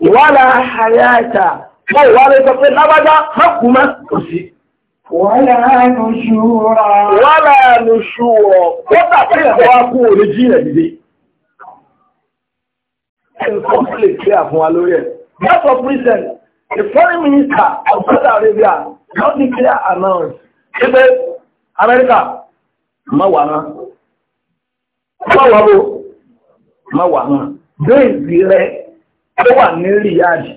ìwádà àyàtà mọ́ ìwádà sọ pé lábájá mọ́kù mọ́ kò sí. Wàlá nùṣúrọ̀. Wàlá nùṣúrọ̀. Wọ́n tàbí ìwà kú òní jí ẹ̀dìdì complete clear fún wa lórí ẹ̀. Just of recent, the foreign minister of Saudi Arabia don declare announced. ṣe pé Amẹ́ríkà má wà náà. Má wà bó má wà náà. Béèzì rẹ̀ tó wà ní Riyadh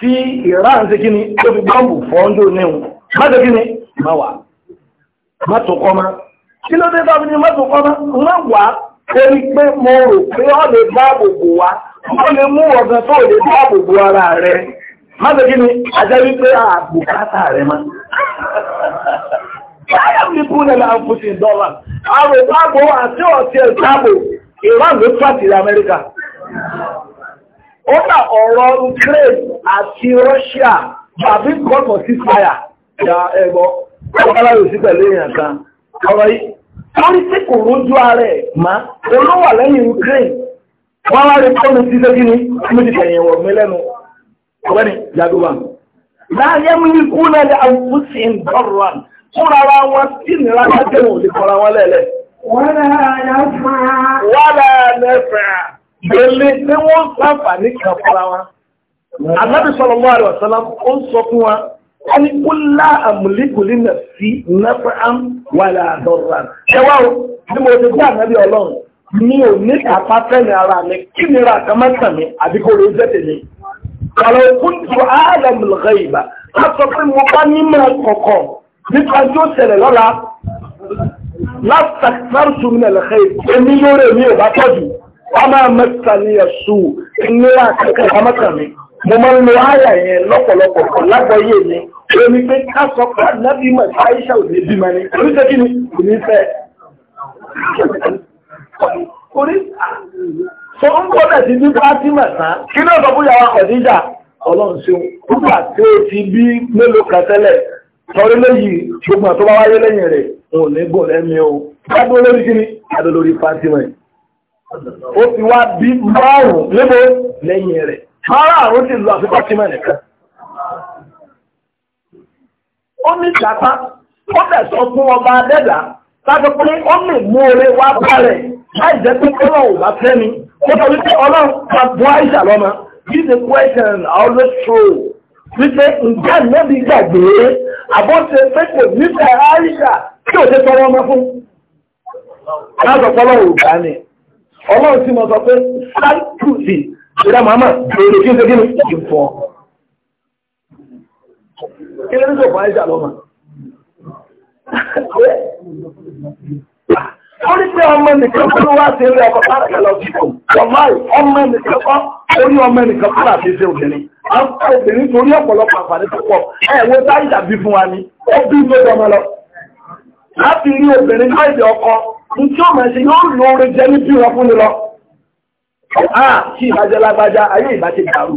tí Iran ṣe kíni tó fi bọ́ǹbù fọ́ńdò níhùn. Má ṣe kíni má wà. Má tó kọ́ má. Kí ló dé bá mi ní má tó kọ́ má? Má wà á. torí pé mo rò pé ó lè bá gbogbo wa ó lè mú ọ̀gán tó lè bá gbogbo ara rẹ̀ má kí ni àjẹ́ wípé ààbò kátà rẹ̀ má. Báyọ̀ ọ̀rọ̀ Ukraine àti Russia sí fire. sí pẹ̀lú èèyàn kan. Ọ̀rọ̀ yìí. torí tí kò rójú ara ẹ̀ má olówà lẹ́yìn Ukraine wọ́n wá rí fọ́nù sí sẹ́jú ní méjì tẹ̀yìn wọ̀ mí lẹ́nu ọ̀gbẹ́ni jagoba láyé mú ikú náà ní àwùjọ ìdọ́rọ̀ fúnra wa wọn tí nira ká jẹ́ wọn ò lè kọ́ra wọn lẹ́lẹ̀. wọ́lá nẹ́fà. wọ́lá nẹ́fà. gbèlè tí wọ́n sáfà ní kan wa. ànábì sallallahu alaihi wasallam ó ẹni kúlá àmúlíkùlí nà sí nàfàm wàlà àdọ́rà ẹ wá o bí mo ti dá ànábì ọlọ́run mi ò ní kápá fẹ́mi ara mi kí ni ra àkàmọ́ sàmì àbí kò ló jẹ́ tèmi kàlọ́ òkun tó àlàmùlùkọ́ ìgbà a sọ pé mo bá nímọ̀ kọ̀kọ̀ nípa tí ó ṣẹlẹ̀ lọ́la látàkìtàrùtù mi nàlẹ́kẹ́ èmi yóò rẹ̀ ò bá tọ́jú wọ́n máa mẹ́ta ní ẹ̀sùn ìnira kankan àkàmọ́ mo máa ń lo àyà yẹn lọ́pọ̀lọpọ̀ kan lágbọ́yé mi ó ní pé ká sọ pé ànábì mọ̀ sí àyíṣà ò ní bímọ ni oníṣẹ́ kí ni kò ní fẹ́ orí tó ń gbọ́dọ̀ sí bí fátímà tán kí ló sọ fún yàrá kọ̀díjà ọlọ́run ṣeun nígbà tí ó ti bí mélòó kan tẹ́lẹ̀ sọrí léyìí gbogbo àti ọba wáyé lẹ́yìn rẹ̀ òun ní gùn lẹ́mí o gbádùn lórí kí ni adó lórí Mara àwọn ti lọ àfikọ́ tí mẹ́ nìkan. Ó ní ìjàpá, ó tẹ̀sọ́ fún ọba adẹ́dà, láti pé ó lè wá láì jẹ́ pé ọlọ́run bá fẹ́ mi. Mo wípé ọlọ́run àìsà lọ́mọ. a question Wípé ǹjẹ́ ìmọ̀bí gbàgbé àìsà ṣe ọmọ fún. ọlọ́run ò gbà ní. sọ pé, ìrẹ màmá èrè kí ó ṣe gínú kí fọ́ kí ló ń sọ fún àìsàn lọ́mà ó ní pé ọmọ nìkan kọ́ ló wá sí ilé ọkọ̀ sí ọmọ nìkan kọ́ ọmọ nìkan sí ṣe obìnrin àwọn obìnrin torí ọ̀pọ̀lọpọ̀ àǹfààní tó pọ̀ táyì fún wa ni ó bí lọ láti rí obìnrin Ah, kí ìbájẹ́ lágbájá ayé ìbá ti dàrú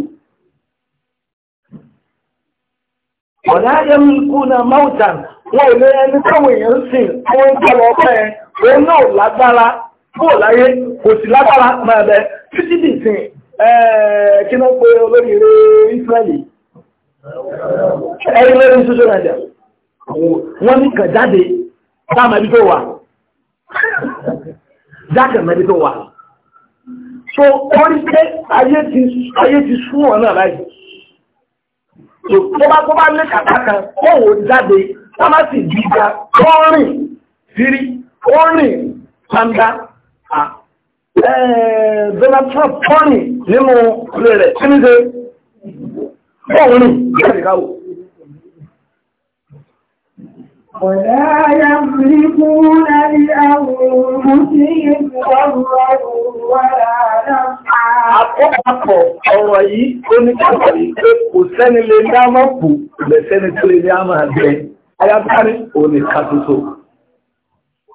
ọ̀nà ayé mú na mountain wọ́n ilé ẹni táwọn èèyàn sìn wọ́n ń kọ́lọ ọpẹ́ ẹ̀ òun náà lágbára fún ọ̀láyé kò sí lágbára máa bẹ títí dì sìn kí ló pe olóyèrè Israeli ẹ̀yìn lórí social media wọ́n ní kàn jáde sáà mẹ́bí tó wà jákè mẹ́bí tó wà so orí pé ayé ti sún wọn náà láì tó bá tó bá lé kàkà kan kọ́wọ́ jáde wọ́n má sì dìgbà kọ́rìn sírí kọ́rìn pàǹdà Donald Trump kọ́rìn nínú rẹ̀ kí ní ṣe kọ́rìn kẹ́rìnkáwò ولا يملكون لأنفسهم ضرا ولا نفعا Àpọ́pọ̀ ọ̀rọ̀ yìí ó ní kọ̀ọ̀kọ̀ yìí pé kò sẹ́ni lè ní àmà bù lè sẹ́ni tó lè ní àmà bẹ. Ayábárí ò ní ká tuntun.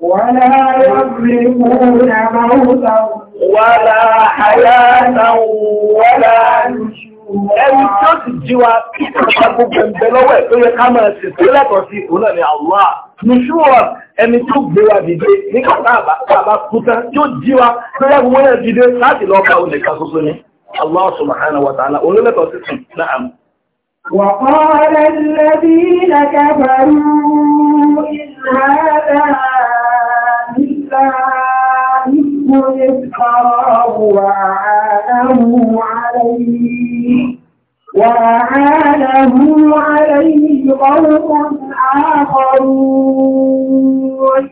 Wàlá yọ̀bí múlẹ̀ máa ń sàwọ̀. Wàlá àyá náà wọ́lá lùṣù ẹni tí ó sì jí wa kí ọ̀pá gbogbo ẹ̀ǹbẹ̀ lọ́wọ́ ẹ̀ tó yẹ ká máa sì tó lẹ́tọ̀ọ́ sí òun náà ni Allah ní ṣúwọ́ ẹni tó gbé wa dìde ní kàtà àbá kúta tí ó jí wa tó yẹ gbogbo ẹ̀ dìde láti lọ bá olè kan ṣoṣo ni Allah subhanahu wa ta'ala òun lẹ́tọ̀ọ́ sí sùn náà. وقال الذين كفروا إن هذا إلا رزقه وأعانه عليه وأعانه عليه قوم آخرون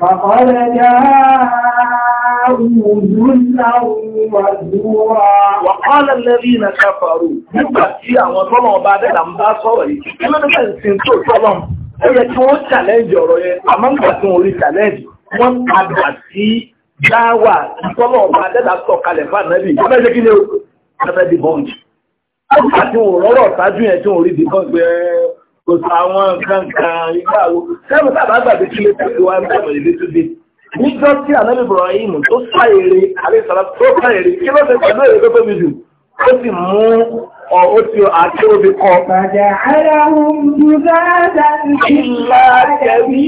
فقد جاءوا ذلا وزورا وقال الذين كفروا nígbà tí àwọn tọ́lọ̀ bá dẹ́là ń bá sọ̀rọ̀ yìí kí ló dé bẹ́ẹ̀ tó tọ́lọ̀ ó yẹ wọ́n challenge ọ̀rọ̀ yẹn àmọ́ nígbà tí wọ́n rí challenge wọ́n padà sí dáwà ìtọ́lọ̀ ọba dẹ́dà sọ kalẹ̀ fún ànábì abẹ́jẹ́ kí ni ó abẹ́ di bọ́ǹdì àti òun rọ́rọ̀ ṣáájú yẹn tí òun rí di bọ́ǹdì ẹ kò sọ àwọn nǹkan kan ìgbà wo sẹ́mi sábà gbàgbé kí lè tẹ̀sí wa ń bẹ̀rẹ̀ ilé tó dé níjọ́ tí ànábì Ibrahim tó sáyèrè àlẹ́ sàlá tó sáyèrè kí ló fẹ́ pẹ̀lú èrè tó tóbi jù ó sì mú ọ̀ọ́tí àti obì kan. Bàjẹ̀ aláhùn jùzáàdà ìlà tẹ̀bí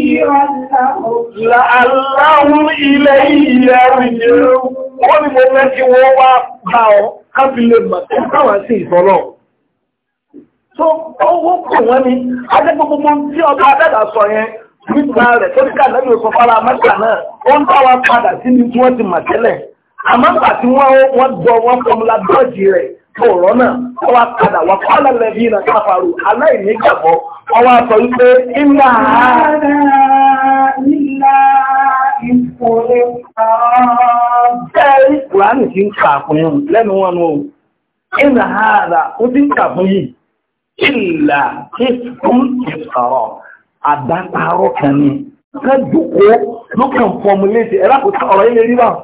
aláhùn ilẹ̀ ilẹ̀ rìnjẹ́ wọ́n ni mo mẹ́ kí wọ́n wá bá ọ káfílẹ̀ màtàwà sí ìsọ́lọ̀. So, owó kò wọ́n ni, adẹ́gbogbo tí ọba adẹ́dà sọ yẹn, nígbà rẹ̀ tó ní ká àmọ́ nígbà tí wọ́n wọ́n gbọ́ wọ́n fọmúlà dọ́ọ̀jì rẹ̀ tó rọ́ náà wọ́n wá padà wá kọ́ lẹ́lẹ́bí iná káfàrú aláìnígbàgbọ́ wọ́n wá sọ wípé iná ilá ìfòlẹ́ bẹ́ẹ̀rí kùránì ti ń kà fún yín lẹ́nu wọn o iná ààrà ó ti ń kà fún yìí ìlà ìfún ìfọ̀rọ̀ àdáparọ́ kan ni ká dúkọ́ ló kàn fọmúlẹ́tì ẹ̀rọ àkótá ọ̀rọ̀ ilé rí báwọn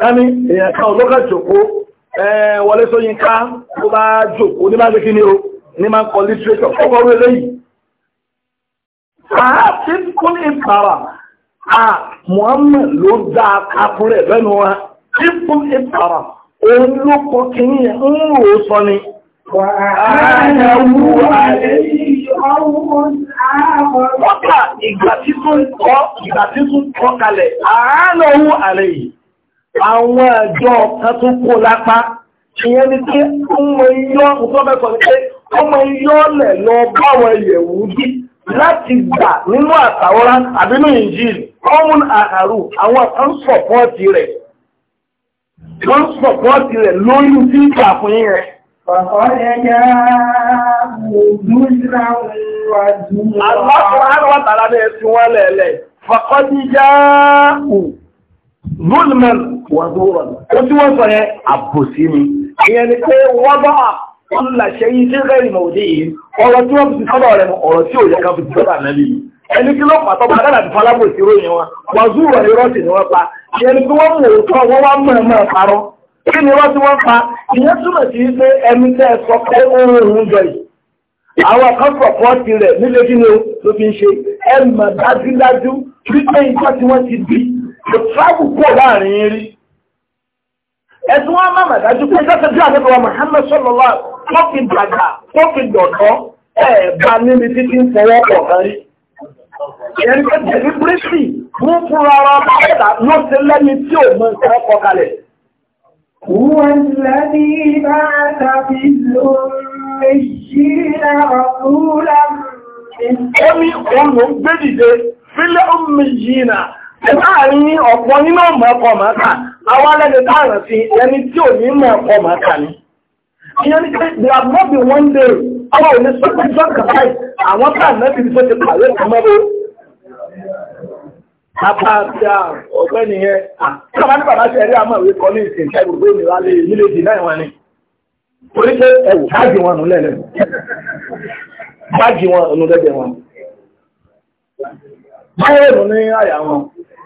káni èèyàn kan olókà jòkó wọlé sóyínká tó bá jòkó ní máa gbékí ní o ní máa kọ lítírẹ́tọ̀ fọ́kọ̀ orí eléyìí àti kún ní ìpàrà à Muhammad ló dá akúrẹ̀ lẹ́nu wa tí kún ìpàrà òun ló kọ kìíní ń rò sọ ni Wàhánàwó àlèyí ìgbà títún kọ kalẹ̀, àánàwó àlèyí àwọn ẹ̀jọ́ kan tó kó lápá ìyẹn ni pé ọmọ iyọ́ ìtọ́bẹ̀kọ̀ ni pé ọmọ iyọ́ lẹ̀ lọ báwọn ìyẹ̀wù dí láti gbà nínú àtàwọ́rá àbínú ìjìnlẹ̀ common àhàrù àwọn kan sọ̀pọ́ọ̀tì rẹ̀ wọ́n sọ̀pọ́ọ̀tì rẹ̀ lórí tí ìgbà fún yẹn. Àlọ́ zulman wà zúrọ̀ ó tí wọ́n sọ yẹn àbòsí ni ìyẹn ni pé wọ́n bá wọ́n làṣẹ yìí tí rẹ̀ ìmọ̀ òde yìí ọ̀rọ̀ tí wọ́n fi sọ́dọ̀ rẹ̀ ọ̀rọ̀ tí ò yẹ ká fi sọ́dọ̀ ànábì yìí ẹni kí ló pàtó bá dára ti falábò sí ròyìn wọn wà zúrọ̀ irọ́ sì ni wọ́n pa ìyẹn ni pé wọ́n mú òótọ́ wọ́n wá mọ̀ mọ̀ parọ́ kí ni wọ́n ti wọ́n pa ìyẹn túmọ̀ sí pé ẹni tẹ́ ẹ sọ pé ó ń rún jọ yìí àwọn kan sọ̀pọ̀ọ̀tì rẹ̀ nílé kí ni ó fi ń ṣe ẹ mọ̀ dájúdájú wípé ìjọ tí wọ́n ti bí kò tíráàbù pọ̀ láàrin yín rí ẹ̀sùn wọn máa màdájú pé jọ́sẹ̀ bí àdébọ̀wà Muhammad sọ́lọ́lá tó fi dàgbà tó fi dọ̀dọ́ ẹ̀ bá níbi títí ń fọwọ́ pọ̀ bírísì mú fúnra ara ló lẹ́ni tí ò mọ kalẹ̀. wọ́n bá tàbí gbé dìde fílẹ̀ ọmọ yìí náà. láàrin ọ̀pọ̀ nínú ọmọ ẹ̀kọ́ màákà àwọn alẹ́ni táàrùn sí ẹni tí ò ní mọ̀ ẹ̀kọ́ màákà ni ìyẹn ni pé there are more than one day ọwọ́ òní sọ́kùn sọ́kùn báyìí àwọn táà náà ti di tó ti pàwé kàmọ́ bó apá tí a ọ̀gbẹ́ nìyẹn tí a bá ní bàbá ṣe rí àmọ́ ìwé kan ní ìsìn ìta ìgbògbó mi wá lé nílé dì náà wọn ni torí wọn nù wọn ní àyà wọn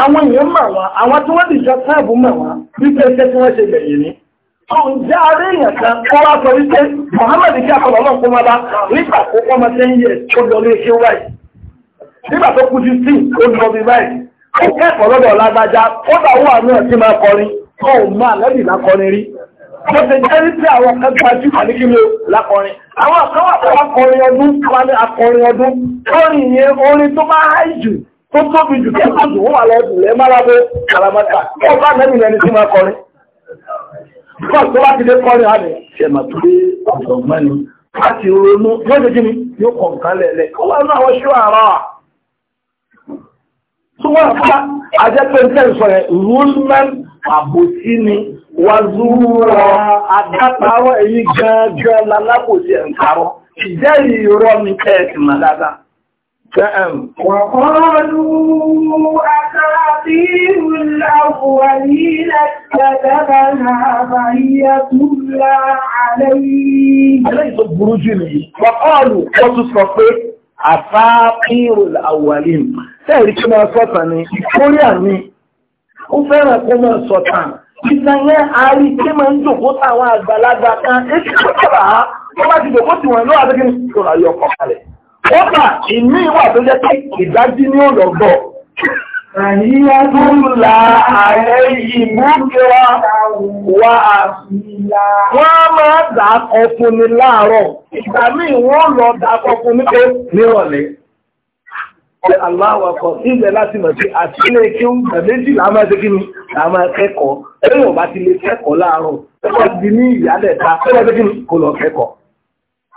àwọn èèyàn mọ̀ wá àwọn tí wọ́n lè jọ sáàbù mọ̀ wá wípé iṣẹ́ tí wọ́n ṣe gbẹ̀yìn ni ọ̀njẹ́ ààrẹ èèyàn kan kọ́ wá sọ wípé Muhammad kí àkọlọ̀ náà kó máa bá nígbà tó kọ́ máa ten years ó lọ ní iṣẹ́ wáyé nígbà tó kú sixteen ó lọ bí báyìí ó kẹ́kọ̀ọ́ lọ́dọ̀ lágbájá ó dà wà náà tí máa kọrin ó máa lẹ́bì lákọrin rí mo ti jẹ́rí sí àwọn kan gbajú àní kí ló lákọrin àwọn kan wà tó akọrin ọdún wọn ni akọrin ọdún orin yẹn orin tó máa háì jù tó tóbi jù tó tóbi wọ́n wà lẹ́bùlẹ́ márabó kalamata tó bá mẹ́rin ẹni tí máa kọrin bọ́ tó bá ti dé kọrin àmì ṣẹ̀mà tó dé ọ̀dọ̀gbọ́n ni láti ronú yóò dé kíni yóò kọ̀ nǹkan lẹ̀lẹ̀ ó wà ní àwọn ṣó àrà tó wà fún àjẹpẹ́ ń tẹ̀sọ yẹn rúlmẹ́n àbòsí ni wàzúrọ̀ àdápàárọ̀ èyí gangan lálábòsí ẹ̀ ń karọ́ ìjẹ́ ìrọ́ mi kẹ́ẹ̀sì mà dáadáa نعم وقالوا أساطير الأولين اتكتبها فهي تملى عليه أليس البروجيني وقالوا وتصفق أساطير الأولين تهري كما ó fẹ́ràn kó mọ̀ sọ̀tàn ìsànyẹ́ àárí tí ma ń jòkó táwọn àgbàlagbà kan èsì tó tọ́ra á wọ́n bá ti jòkó tí wọ́n lọ́wọ́ Kọ́tà ìmí ìwà tó jẹ́ pé ìdájí ní ọ̀lọ́gbọ̀. Àyíyá tó ń la ààrẹ ìmúkẹwà wà àfíìlà. Wọ́n á máa dákọ fún ni láàárọ̀. Ìgbà míì wọ́n lọ dákọ fún ní pé nírọ̀lẹ́. Aláwọ̀ kan ìgbẹ́ láti mọ̀ sí àtìlẹ́ kí ó ń gbà méjì láàmà ṣe kí ni láàmà kẹ́kọ̀ọ́. Ẹ̀yìn ọ̀bá ti lè kẹ́kọ̀ọ́ láàárọ̀. Ẹ̀kọ́ di ní ìyálẹ̀ta. Ẹ̀kọ́ kí ni kò lọ kẹ́kọ̀ọ́.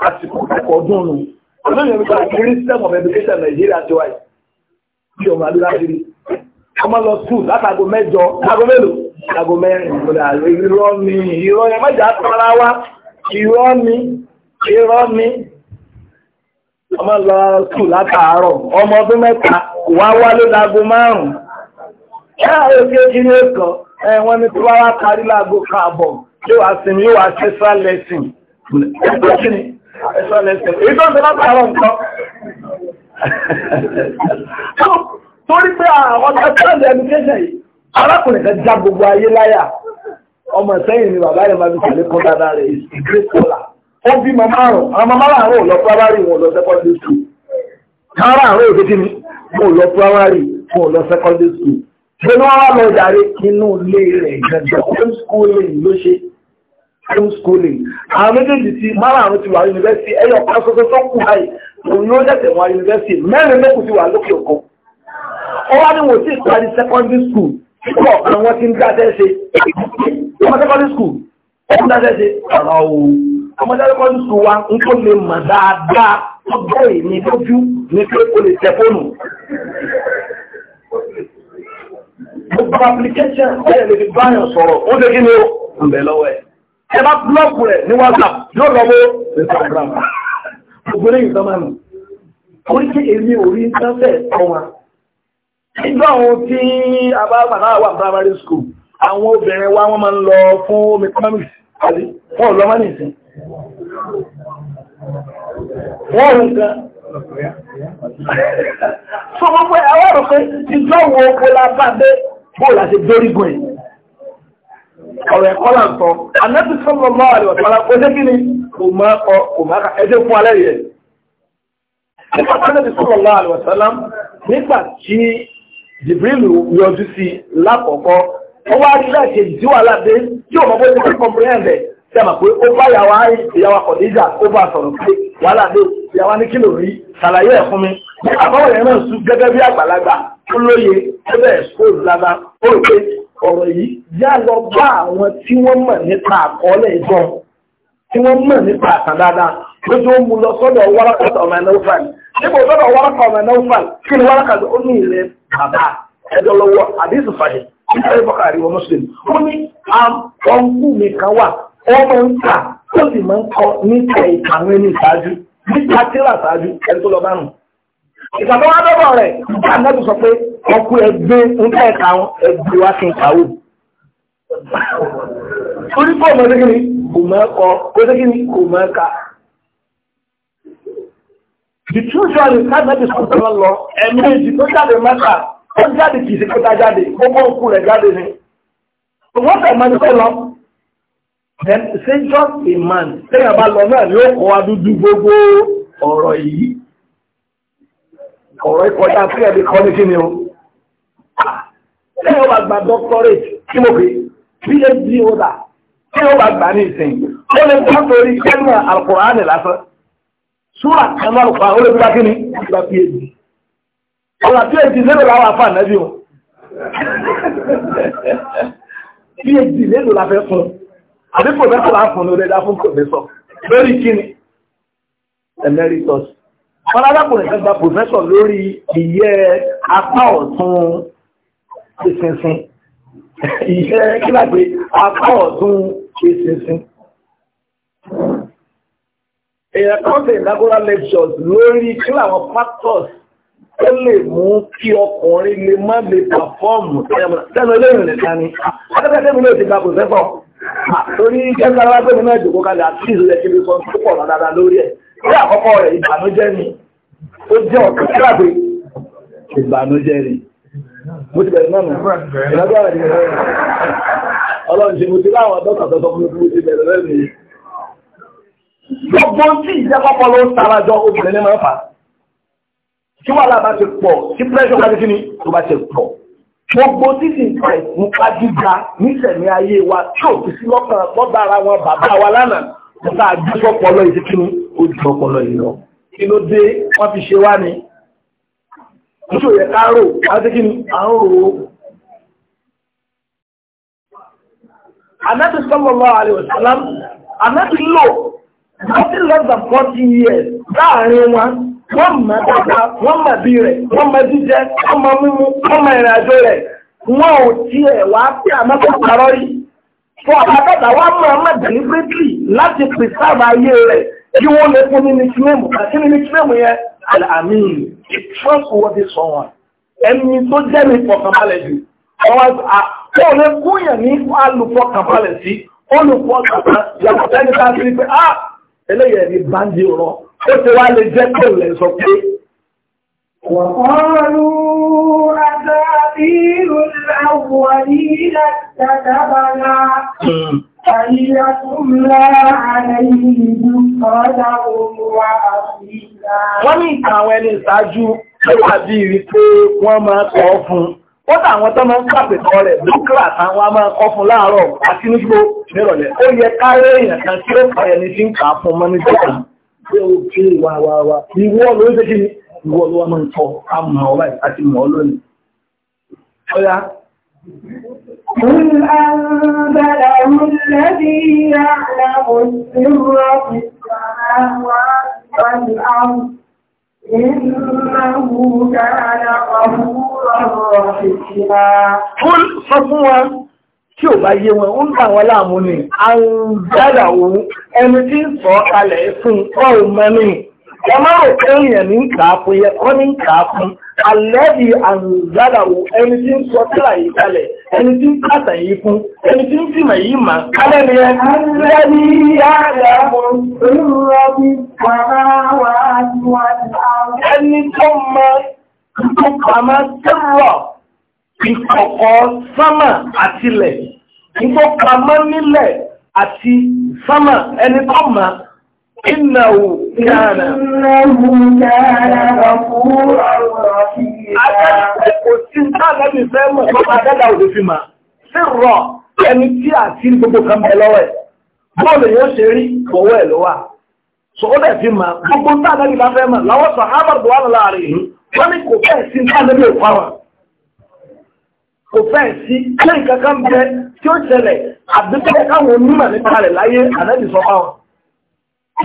Àsìkò kẹ́kọ̀ọ́ dùn nù olóyè mi kàá kiri system of education Nàìjíríà ti wáyé bí ọmọ lọ school látago mẹ́jọ látago mélòó látago mẹ́rin irọ́ mi irọ́ yẹn mẹ́jọ àtàrà wa irọ́ mi irọ́ mi ọmọ lọ school látàárọ̀ ọmọ ọdún mẹ́ta wá wálé láago márùn-ún ẹ òkè kí Torí pé àwọn ọ̀tọ́lẹ̀ education yìí, arákùnrin kan já gbogbo ayé láyà, ọmọ ìsẹ́yìn ni bàbá ìrìnmà ní ṣàlẹ́ kan dáadáa rẹ̀ ìgbé sọ́là. Ó bí ma márùn-ún, àwọn márùn-ún lọ primary wọn lọ secondary school. Kára àwọn èdè kí ni, mo lọ primary wọn lọ secondary school. Gbẹ́nu wọn wá lọ jàre inú ilé rẹ̀ gẹ̀gẹ̀ home schooling àwọn méjèèjì ti márùn-ún ti wà yunifásitì ẹyọ kan ṣoṣo tó kù báyìí òun yóò dẹ̀tẹ̀ wà yunifásitì mẹ́rin lókù ti wà lókè òkun ó wá ní wò sí ìparí secondary school kíkọ́ àwọn tí ń dáṣẹ́ ṣe ọmọ secondary school ó ń dáṣẹ́ ṣe ọ̀rọ̀ o ọmọ secondary school wa ń tó lè mọ̀ dáadáa tó bẹ́ẹ̀ ní lójú ní pé o lè tẹ fóònù gbogbo application bẹ́ẹ̀ lè fi báyọ̀ sọ̀rọ̀ ó lè kí ni ó ń bẹ̀ lọ́wọ́ ẹ̀ ẹ bá búlọ́ọ̀kù rẹ̀ ní WhatsApp yóò lọ wo Instagram gbogbo ní ìsọmọ́nù orí kí èmi orí sáfẹ́ ẹ̀kọ́ wa nígbà àwọn tí a bá gbà náà primary school àwọn obìnrin wa wọ́n máa ń lọ fún mechanics àti fún ọ̀lọ́mọ́ nìsín wọ́n rùn kan sọ gbogbo ẹ̀ àwọn ọ̀rọ̀ pé ìjọ́ wo kó la bá dé bóòlù àti dórígun ẹ̀ ọ̀rọ̀ ẹ̀kọ́ là ń sọ anábì sọ́lọ́ lọ́wọ́ àlè ọ̀tọ́lá ó dé kí ni kò má kọ kò má kà ẹjẹ́ fún alẹ́ yẹn. nípa anábì sọ́lọ́ lọ́wọ́ àlè ọ̀tọ́lá nígbà tí Jibril yọjú sí lákọ̀ọ́kọ́ ó wá rí láti èyí tí wà láde tí ò mọ bó ti kọ́ńpírẹ́ǹdẹ̀ tí a mọ̀ pé ó bá yàwá ìyàwá kọ̀díjà ó bá sọ̀rọ̀ pé wàhálà dé ìyàwá ní kílò rí ṣàlàyé ẹ̀ fún mi àbáwọ̀ yẹn náà sún gẹ́gẹ́ bí àgbàlagbà ó lóye ó bẹ̀rẹ̀ sóòlù lábá ó rò pé ọ̀rọ̀ yìí já lọ bá àwọn tí wọ́n mọ̀ nípa àkọọ́lẹ̀ ìtàn tí wọ́n mọ̀ nípa àtàn dáadáa lójú ó mu lọ sọ́dọ̀ wárakàtà ọmọ ẹ̀nà òfàl níbo sọ́dọ̀ wárakàtà ọmọ ẹ̀nà òfàl kí ni wárakàtà ó ní ilẹ̀ bàbá ẹ̀dọ̀ lọ́wọ́ àdéhùn fàyè nítorí bọ́kà àríwọ̀ mùsùlùmí ó ní ọ̀nkú mi kan wà ọmọ ń kà ó sì máa ń kọ níta ìkàwé ní ìṣáájú níta tíra ìṣáájú ẹni tó lọ bá nù. ìgbà tó wá dọ́dọ̀ rẹ̀ nígbà náà sọ ọkú ẹgbẹ́ ń tẹ́ẹ̀ka ẹgbẹ́ wá kí n kàwó orí kọ́ ọmọ lẹ́gbẹ̀ẹ́ kò mọ́ ẹ̀kọ́ kó lẹ́gbẹ̀ẹ́ kò mọ́ ẹ̀ka the true story kábẹ́ẹ̀dì sọ̀tọ̀ lọ ẹ̀mí èjì tó jáde mẹ́ta ó jáde kìí sí kóta jáde ó bọ́ òkú rẹ̀ jáde ni wọ́n fẹ́ máa ń fẹ́ lọ then say just a man lẹ́yìn àbá lọ náà yóò kọ́ adúdú gbogbo ọ̀rọ̀ yìí ọ̀rọ̀ ìkọjá sí ẹ̀dí kọ́ ní kí ni o ṣé ó wà gba doctorate kí mo pè phd holder ṣé ó wà gba ní ìsìn ó lè gbà torí kẹ́nà alukur'an lásán súrà kan náà lùkọ́ ó lè gbà kí gba phd ọ̀là phd lérò làwọn afa ànábì o phd lérò la fẹ́ fún àbí professor la fún lórí ẹ̀dá fún professor lórí kí ni emeritus wọn lábàkùnrin kan gba professor lórí ìyẹ́ apá ọ̀tún ìsinsin ìṣẹ́ kíláàgbé apá ọ̀tún ìsinsin. èèyàn kan ṣe inaugural lectures lórí kí làwọn factors tó lè mú kí ọkùnrin lè má lè pàfọ́ọ̀mù tẹ́nu eléyìn nìkan ni akẹ́kẹ́ mi náà ti gba kò sẹ́fọ̀ torí kẹ́kẹ́ ara pé mi náà jòkó kalẹ̀ àti ìṣẹ̀lẹ̀ kí mi sọ tó pọ̀ dáadáa lórí ẹ̀ ní àkọ́kọ́ rẹ̀ ìbànújẹ́ ni ó jẹ́ ọ̀kan kíláàgbé ìbànújẹ́ ni mo ti bẹ̀rẹ̀ mọ́mù ìrọ̀gbọ́n rẹ̀ ọlọ́run ṣe mo ti láwọn dọ́kà tó sọ fún mi ti bẹ̀rẹ̀ lẹ́nu yìí gbogbo tí ìjẹ́kọ́pọ̀ ló ń tara jọ obìnrin ní máa fà kí wàhálà bá ti pọ̀ kí pẹ́ṣọ́ bá ti kí ni tó bá ti pọ̀ gbogbo títí ìpẹ́ nípa gíga nísẹ̀mí ayé wa tí ò fi sí lọ́kàn lọ́dà ara wọn bàbá wa lánàá nípa àgbẹ̀sọ̀pọ̀ lọ ìdíkínú ó ju ọpọlọ yìí lọ kí ló dé wọ́n fi ṣe ojú òyẹ káàrò àdíkí àárò anábi sallallahu alaihi wasallam nothing years wọ́n mọ̀ dáadáa wọ́n mọ̀ bí rẹ̀ wọ́n mọ̀ jíjẹ wọ́n mọ̀ mímú wọ́n mọ̀ ìrìn rẹ̀ wọ́n ò tiẹ̀ wá sí àmọ́tò parọ́ yìí fún àbábàdà wa mọ̀ ọmọ láti pèsè rẹ̀ kí wọ́n lè fún ní al-amin, a trustworthy someone. Ẹni tó jẹ́ ní ìfọ̀kànbalẹ̀ jù. Àwọn olùkúnyàn ní alùfọ̀kànbalẹ̀ sí, olùfọ̀kànbalẹ̀ yàtọ̀ tẹ́ni tá a ti rí pé, ah, eléyẹ̀ ni báńdì ọ̀rọ̀, ó ti wá lè jẹ́ pé òun lè وقالوا أساطير الأولين اكتتبنا فليكم لا عليه بكرة وأصيلا wọ́n ní ìtàn àwọn ẹni ìṣáájú ló wà bí rí pé wọ́n máa kọ́ fún ó tà àwọn tó máa ń pàpẹ̀tọ́ rẹ̀ lókèrà táwọn a máa kọ́ fún láàárọ̀ àti nígbò nírọ̀lẹ́ ó yẹ káyé èèyàn kan tí ó kọ́ ẹni tí ń kà á fún mọ́ní dọ́kà pé ó kí wà wà wà ìwọ ló ń ṣe kí ni ìwọ ló wà máa ń tọ́ àmọ́ ọ̀rẹ́ àti mọ́ lónìí. قل أنزله الذي يعلم السر في السماوات والأرض إنه كان غفورا رحيما قل صفوا tí ò bá yé wọn ó ń bà wọn láàmú ni àrùn dáadáa òun ẹni tí ń sọ kalẹ̀ fún ọ̀rùn mẹ́rin ẹ má rò pé èèyàn ní kà á fún yẹ kọ́ ní kà á fún alẹ́bí àrùnzádàwò ẹni tí ń sọ tíra yìí kalẹ̀ ẹni tí ń pàtà yìí fún ẹni tí ń fìmọ̀ yìí mà kálẹ̀ ni ẹ. alẹ́bí yára olùrọ̀bí pàrọ̀ àwọn. ẹni إنه كان إنه كان غفورا رحيما ẹni tí àti gbogbo kan bẹ lọ́wọ́ ẹ̀ bọ́ọ̀lù yóò ṣe rí ọwọ́ ẹ̀ lọ́wà so ó dẹ̀ fi ma gbogbo tánàbí bá fẹ́ mọ̀ láwọ́ sọ harvard wà láàrin ìhún wọ́n ní kò fẹ́ sí tánàbí ò fáwà kò fẹ́ sí kí nǹkan kan bẹ tí ó ṣẹlẹ̀ àbíkẹ́ káwọn onímọ̀ nípa rẹ̀ láyé ànábì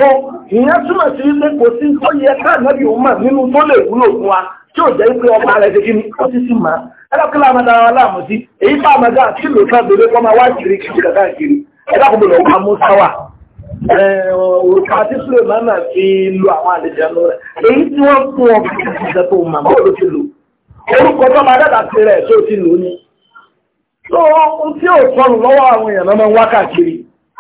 tó ìyẹn túmọ̀ sí pé kò sí tó yẹ káàmẹ́bì òun mà nínú tó lè wúlò fún wa tí ò jẹ́ pé ọmọ rẹ̀ ṣèkí ni ó ti sì máa ẹlọ́pẹ́ láàmú dára wa láàmú sí èyí tá a máa dáa sí lòókàn bèrè kọ́ máa wá kiri kiri kàkà kiri ẹ̀dá kò gbọdọ̀ wá mú sáwà òrùka tí Sulemana fi lu àwọn àlejò rẹ̀ èyí tí wọ́n fún ọ bí ìṣẹ́ tó mà bọ́ọ̀ ló ti lò orúkọ tó máa dáadáa ti rẹ̀ tó ti lò ní. tó ohun tí ò sọnù lọ́wọ́ àwọn èèyàn náà máa ń wá káàkiri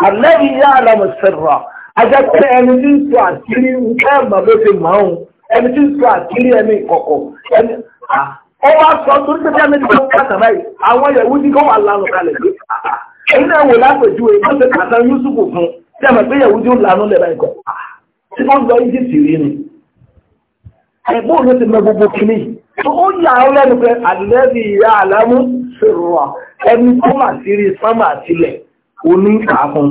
àlẹ́ ìyá àlámọ̀ sẹ́rọ̀ ajẹ́pẹ́ ẹni tí ń sọ àkírí nǹkan ẹ̀mà ló ti mọ̀ ọ́n ẹni tí ń sọ àkírí ẹni kọ̀kọ̀ ẹni ọ wá sọ tó ń tẹ́tí ẹni tó ń kàtà báyìí àwọn ìyẹ̀wò ní kó wà lánàá kalẹ̀ pé ẹni náà wò lápẹ̀jú ẹ̀ ló ti kàtà Yúsùfù fún tí ẹ̀mà pé ìyẹ̀wò tí ó lànà lẹ̀ báyìí kọ̀ tí wọ́n lọ Egypt rí ni ẹ̀gbọ́n ló ti mọ gbogbo kìíní tó ó yà á lẹ́nu pé àdìlẹ́bì ìyá àlámú ṣèrò ẹni tó mà sí rí sánmà sílẹ̀ oní kàákùn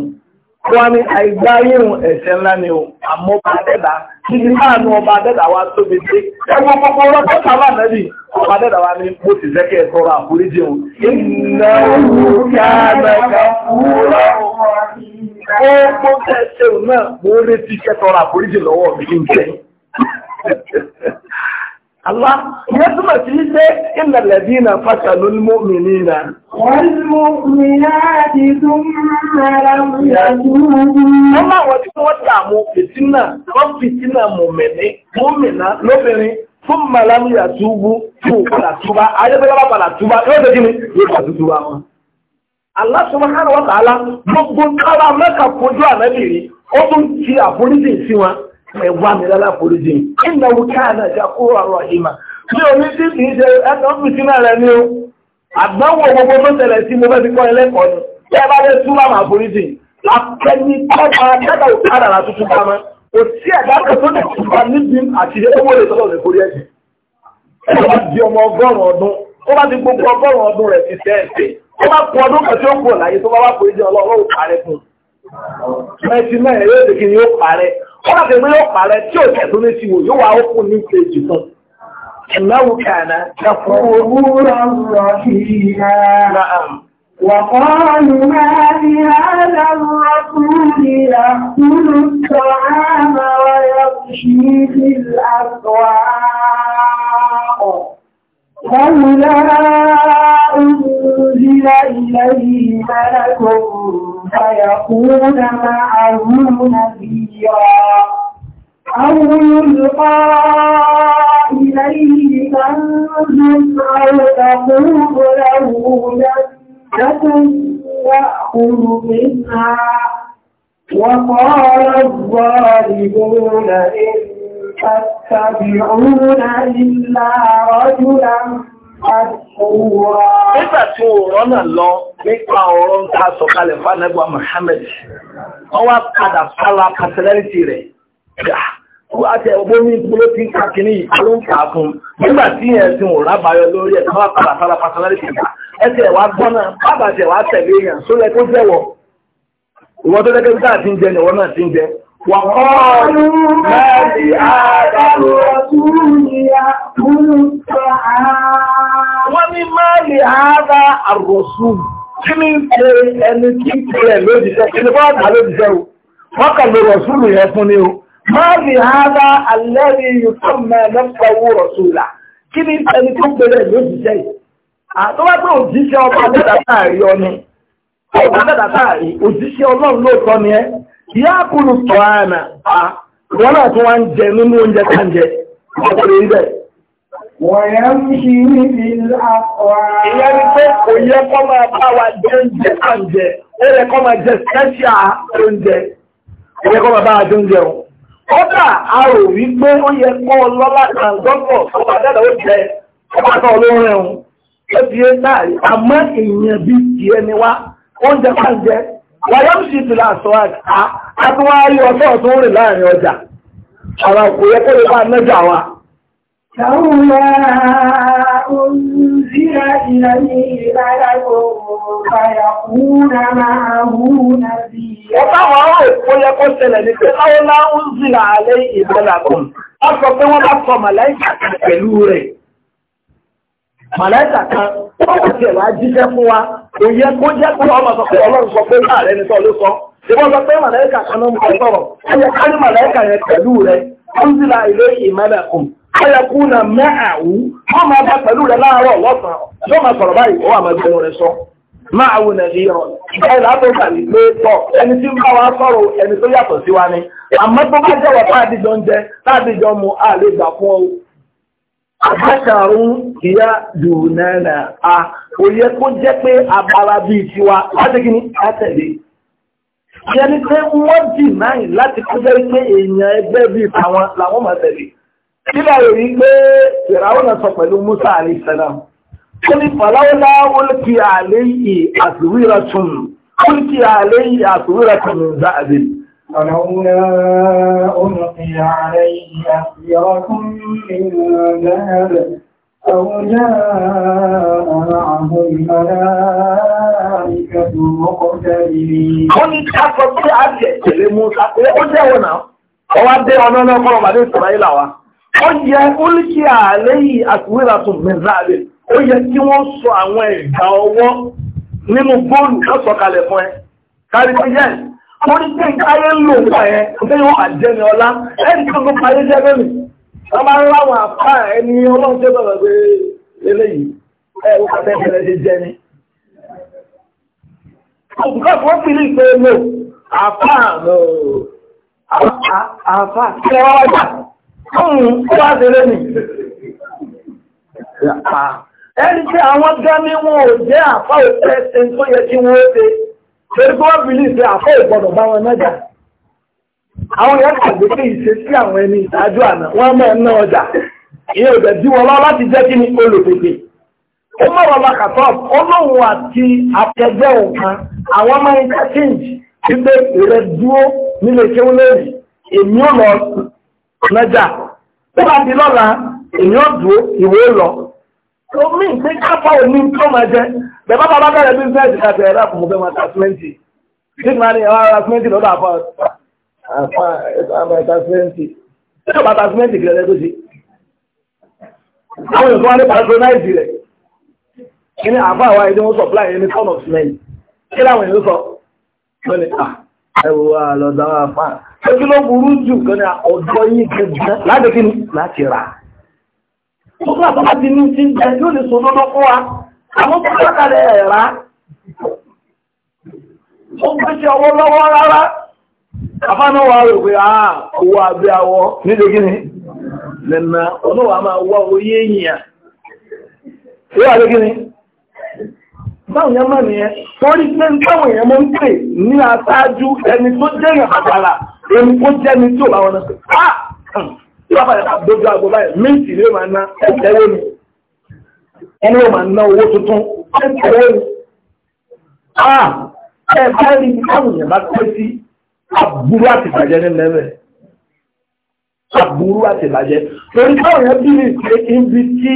wọ́n ní àìgbáyéhùn ẹ̀ṣẹ̀ ńlá ni o àmọ́ ọba dẹ́dà kí ní láàánú ọba dẹ́dà wa tóbi dé ẹgbọ́n gbogbo ọlọ́pàá sábà nẹ́bì ọba dẹ́dà wa ní bó ti zẹ́kẹ́ ẹ̀tọ́rọ àforíjì òun. iná Allah ìyẹn túmọ̀ sí pé iná lẹ́bí na fásà lórí mọ́mìnì rà. Wọ́n mú mi láti tún mẹ́ra Wọ́n máa wọ́n tí wọ́n dààmú fìtínà, wọ́n fìtínà mọ̀mìnì, mọ́mìnà lóbìnrin fún màlámúyà túbú ni Allah subhanahu wa ta'ala ti ẹ̀wà mi lálàforíjì ìnà òkè àdájá kó ọ̀rọ̀ ìmà bí omi o àgbáwò gbogbo tó tẹ̀lẹ̀ sí mo fẹ́ fi kọ́ ẹlẹ́kọ̀ọ́ ni bí ẹ bá fẹ́ tú bá máa foríjì lápẹ́ni tọ́ba dáadáa ò kára la tuntun bá ma kò sí ẹ̀dá kan tó dẹ̀ tuntun bá níbi àti owó lè tọ́lọ̀ lè forí ẹ̀jẹ̀ ẹ̀ bá di ọmọ ọgọ́rùn-ún ọdún ó bá ti gbogbo ọgọ́rùn-ún ọdún rẹ̀ ti sẹ́ẹ̀sì ó bá kún ọdún kan tí ó kù ọ̀láyé tó bá wá foríjì ọlọ́run ó kárẹ́ Mẹ́tí náà yóò dìkì yóò parẹ́. Wọ́n láti mú yóò parẹ́ tí ò tẹ̀tún ní ti wò yóò wá ókú ní kejì tán. Ìnáwó kàná ẹ̀fọ́. Òwúrọ̀ rọ̀ ìhà. وقالوا ما فيكون معه نذيرا أو يلقى إليه كنز أو تقول له جنة يأكل منها وقال الظالمون إن تتبعون إلا رجلا Nígbà tí ó rọ́nà lọ nípa ọ̀rọ̀ ń ta sọ̀kalẹ̀ fánẹ́gbà Mohammed, wọ́n wá padà sára rẹ̀. Àti ẹ̀wọ̀n ní ìpínlẹ̀ tí ń ká kìíní ìpínlẹ̀ ń fún. Nígbà tí ẹ̀sìn lórí ẹ̀ wá padà sára personality rẹ̀. Ẹsẹ̀ wá gbọ́nà, bàbá wá tẹ̀lé èèyàn sólẹ̀ tó Ìwọ́n tó ti ń jẹ náà ti ń jẹ. wọ́n ní máa lè ara àrọ̀sù kí ní ṣe ẹni tí ń pè ẹ̀ lójijẹ́ kí ní bá dà lójijẹ́ o wọ́n kà lè rọ̀sù rù yẹn fún ni o máa lè ara alẹ́rí yùtọ́ mẹ́rin lọ́wọ́ rọ̀sù là kí ní ẹni tó ń pè ẹ̀ lójijẹ́ yìí àtọ́wá pé òjíṣẹ́ ọba dẹ́dà táàrí ọ ni ọba dẹ́dà táàrí òjíṣẹ́ ọlọ́run lóòótọ́ ni ẹ ìyá àkùrù tọ́ àná à wọ́n náà tún Ìyẹn ni pé kò yẹ kọ́ máa bá wa jẹ oúnjẹ oúnjẹ, ó yẹ kọ́ máa jẹ spẹ́ṣíà oúnjẹ, ó yẹ kọ́ máa bá wa jẹ oúnjẹ o. Kọ́dà a rò wí pé ó yẹ kọ́ lọ́lá kan gọ́gọ̀ ọba dẹ́dà ó jẹ ọba náà lórin ẹ̀hún. Ó ti yé láàrin, àmọ́ èèyàn bíi tiẹ̀ ni wá, oúnjẹ máa ń jẹ. Wàyọ́ sì ti là sọ àgbà, a tún wá rí ọ̀sán tó ń rìn láàrin ọjà. Àwọn kò yẹ kó lè bá nájà wa. لولا أنزل إليه ملك فيكون معه نذيرا وطبعا ó yẹ kó ṣẹlẹ̀ ní pé láwọ́lá ń alẹ́ ìbẹ̀lẹ̀kùn a sọ pé wọ́n bá sọ màláìkà kan pẹ̀lú rẹ̀ màláìkà kan ó jẹ́ wá jíṣẹ́ fún wa kò yẹ kó jẹ́ pé ọmọ sọ pé ọlọ́run sọ pé láàrẹ ní sọ ló sọ ìwọ́n sọ pé màláìkà kan ló ń bọ̀ sọ̀rọ̀ ó yẹ ká ní màláìkà yẹn pẹ̀lú rẹ̀ ń zìlà ayakuna ma'ahu wọ́n máa bá pẹ̀lú rẹ̀ láàárọ̀ lọ́sàn-án yóò máa sọ̀rọ̀ báyìí wọ́n máa bẹ̀rù rẹ̀ sọ máa wù nà ìrọ̀ báyìí látọ̀gbà ní pé tọ̀ ẹni tí ń bá wa sọ̀rọ̀ ẹni tó yàtọ̀ sí wa a lè gbà fún ìyá dùnánà a kò yẹ kó jẹ́ pé abala bíi tiwa láti kí ni a tẹ̀lé. ni pé wọ́n dì náà láti kó jẹ́ pé èèyàn ẹgbẹ́ bíi tàwọn làwọn máa tẹ̀lé. Kílá èrí gbé ìràwọ̀nà sọ pẹ̀lú Musa àríṣẹ́lám. Ó ní fàláwọ́lá olùkí àléyìí àtúwírà tún. Olùkí àléyìí àtúwírà tún ní záàbí. Fàláwọ́lá olùkí àléyìí àtúwírà tún ní záàbí. أو جاء معه الملائكة مقتربين. كنت أفضل أن يتلموا ساقية وجاء هنا. Ọwá dé ọ̀nà náà kọ́rọ̀ màdé ìsọ̀rọ̀ ìlà wa ó yẹ oríṣi àléyìn àtúwéra tó mẹ́rànlẹ̀ ó yẹ kí wọ́n sọ àwọn ẹ̀gbà ọwọ́ nínú góòlù lọ́sọ̀ kalẹ̀ fún ẹ kárí pé yẹn wọ́n ní pé káyé ń lò wọ́n ẹ̀ pé wọ́n àjẹni ọlá ẹni tó ń parí jẹ́ lónìí wọ́n máa ń láwọn àpá ẹni ọlọ́run tó bẹ̀rẹ̀ pé eléyìí ẹ̀ wọ́n kà fẹ́ bẹ̀rẹ̀ ṣe jẹ ni. òkùnkàn wọ́n fi lè pe lò àpá àpá kí ọ̀run wá délé nì. Ah. ẹni tí àwọn gẹ́mí wọn ò jẹ́ àfá òfẹ́ ṣe tó yẹ kí wọ́n ṣe torí pé wọ́n bìlì ṣe àfá ìgbọ̀dọ̀ bá wọn náà jà. àwọn yẹn kàgbé pé ìṣe sí àwọn ẹni ìṣáájú àná wọ́n mọ̀ ń ná ọjà ìyẹn ò dẹ̀ wọn lọ́wọ́ ni olùpèpè ó mọ̀rọ̀ lákàtọ́ ọlọ́run ó bá di lọ́la èmi ò dúró ìwé lọ tó mí pé kápá òní tó máa jẹ bẹ̀bá bàbá bẹ̀rẹ̀ bí fẹ́ẹ̀sì àti ẹ̀rọ àpòmọ̀ fẹ́ máa ta twenty big man ẹ̀rọ ara twenty lọ́dọ̀ àpá àpá ẹ̀rọ ta twenty ṣé ọba ta twenty kìlẹ̀ lẹ́tọ́ sí àwọn èèyàn tó wá ní patronize rẹ̀ kí ni àbá àwa ẹni supply ẹni ton of men kí láwọn èèyàn sọ wọ́n ni ah ẹwọ́ àlọ́dáwà pa ẹgbẹ́ ló burú jù kan ní yìí kẹjọ láti kí ni láti rà ọkọ̀ àtọ́ láti ní tí ń jẹ yóò lè sọ lọ́nà kọ́ wa àwọn tó lákàlẹ̀ ẹ̀rá ó ń pèsè ọwọ́ lọ́wọ́ rárá àfánáwà rẹ̀ pé à owó abẹ́ awọ nílé táwọn yẹn mọ̀ nìyẹn wọ́n rí pé táwọn yẹn mọ̀ ń pè ní aṣáájú ẹni tó jẹ́ yẹn pàtàlà ẹni tó jẹ́ ni tí ò bá wọn náà pé ah! á hmm. tí wọ́n bá yẹ dojú àgbo báyìí méjì lè máa ná ẹ̀jẹ̀ wọ́n ni ẹni yóò máa ná owó tuntun ẹ̀jẹ̀ wọ́n ni á ẹ̀ bá rí táwọn yẹn bá pẹ́ sí àbúrú àti ìbàjẹ́ ní lẹ́rẹ̀ àbúrú àti ìbàjẹ́ torí táwọn yẹn bí mi pé ibi tí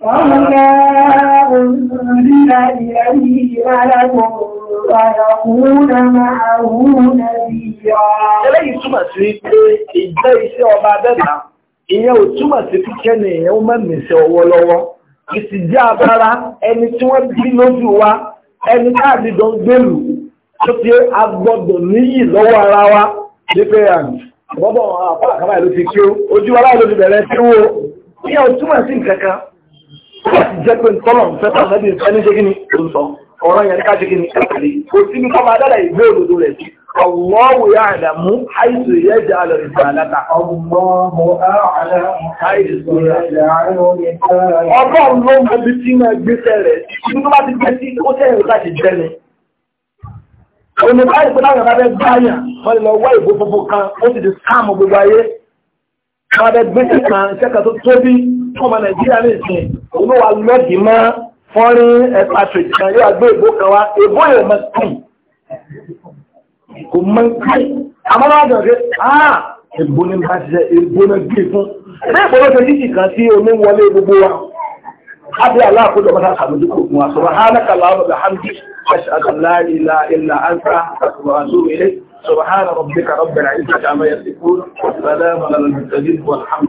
وما أنزل إليه ملك فيكون معه نذيرا. eléyìí túmọ̀ abára ẹni tí wọ́n bí lójú wa ẹni káàdì jọ ń gbèlú tó ti agbọ́dọ̀ níyì lọ́wọ́ ara wa nípa ẹ̀yàn bọ́bọ̀ àpá àkàbà ìlú ti kí ojú wa ti bẹ̀rẹ̀ sí wo ìyẹn ò túmọ̀ sí nǹkan láti jẹ́ pé tọ́lọ̀ ń fẹ́ tà lẹ́bí ẹni ṣe kíni tó ń sọ ọ̀rọ̀ yẹn ká ṣe kíni ẹ̀kẹ́lẹ́ kò sí ní kọ́mọ adára ìgbé òdodo rẹ̀ sí ọ̀wọ́wò yà àdàmú àìsù yẹ jẹ́ alọ̀ ìgbà aláta. ọgbọ́n ló mọ ibi tí máa gbéṣẹ́ rẹ̀ ibi tó bá ti gbé sí ó tẹ̀ ìrúta ti jẹ́ ni. òní báyìí pé láwọn ọ̀gáfẹ́ gbáyàn wọ́n lọ wá ìbò funfun kan ó sì ti sáàmù gbogbo ayé. wọ́n bẹ gbéṣẹ́ kan ṣẹ́ka tó tóbi ọmọ nàìjíríà lè sìn òun ló wà lọ́ọ̀dì mọ́ fọ́nrín patrick kan yóò gbé ìbò kan wá ìbò yóò mọ sí kò mọ sí àmọ́ wọn dọ̀ pé ah ìbò ni bá ṣiṣẹ́ ìbò ni gbé fún ilé ìbòrò ṣe yíyí kan tí oníwọlé gbogbo wa ábí aláàkójọ mọ́ta sàmójúkò fún wa sọ̀rọ̀ hánàkàlà ọmọ bàhámdì أشهد أن لا إله إلا أنت أستغفرك وأتوب إليك سبحان ربك رب العزة عما يصفون والسلام على المرسلين والحمد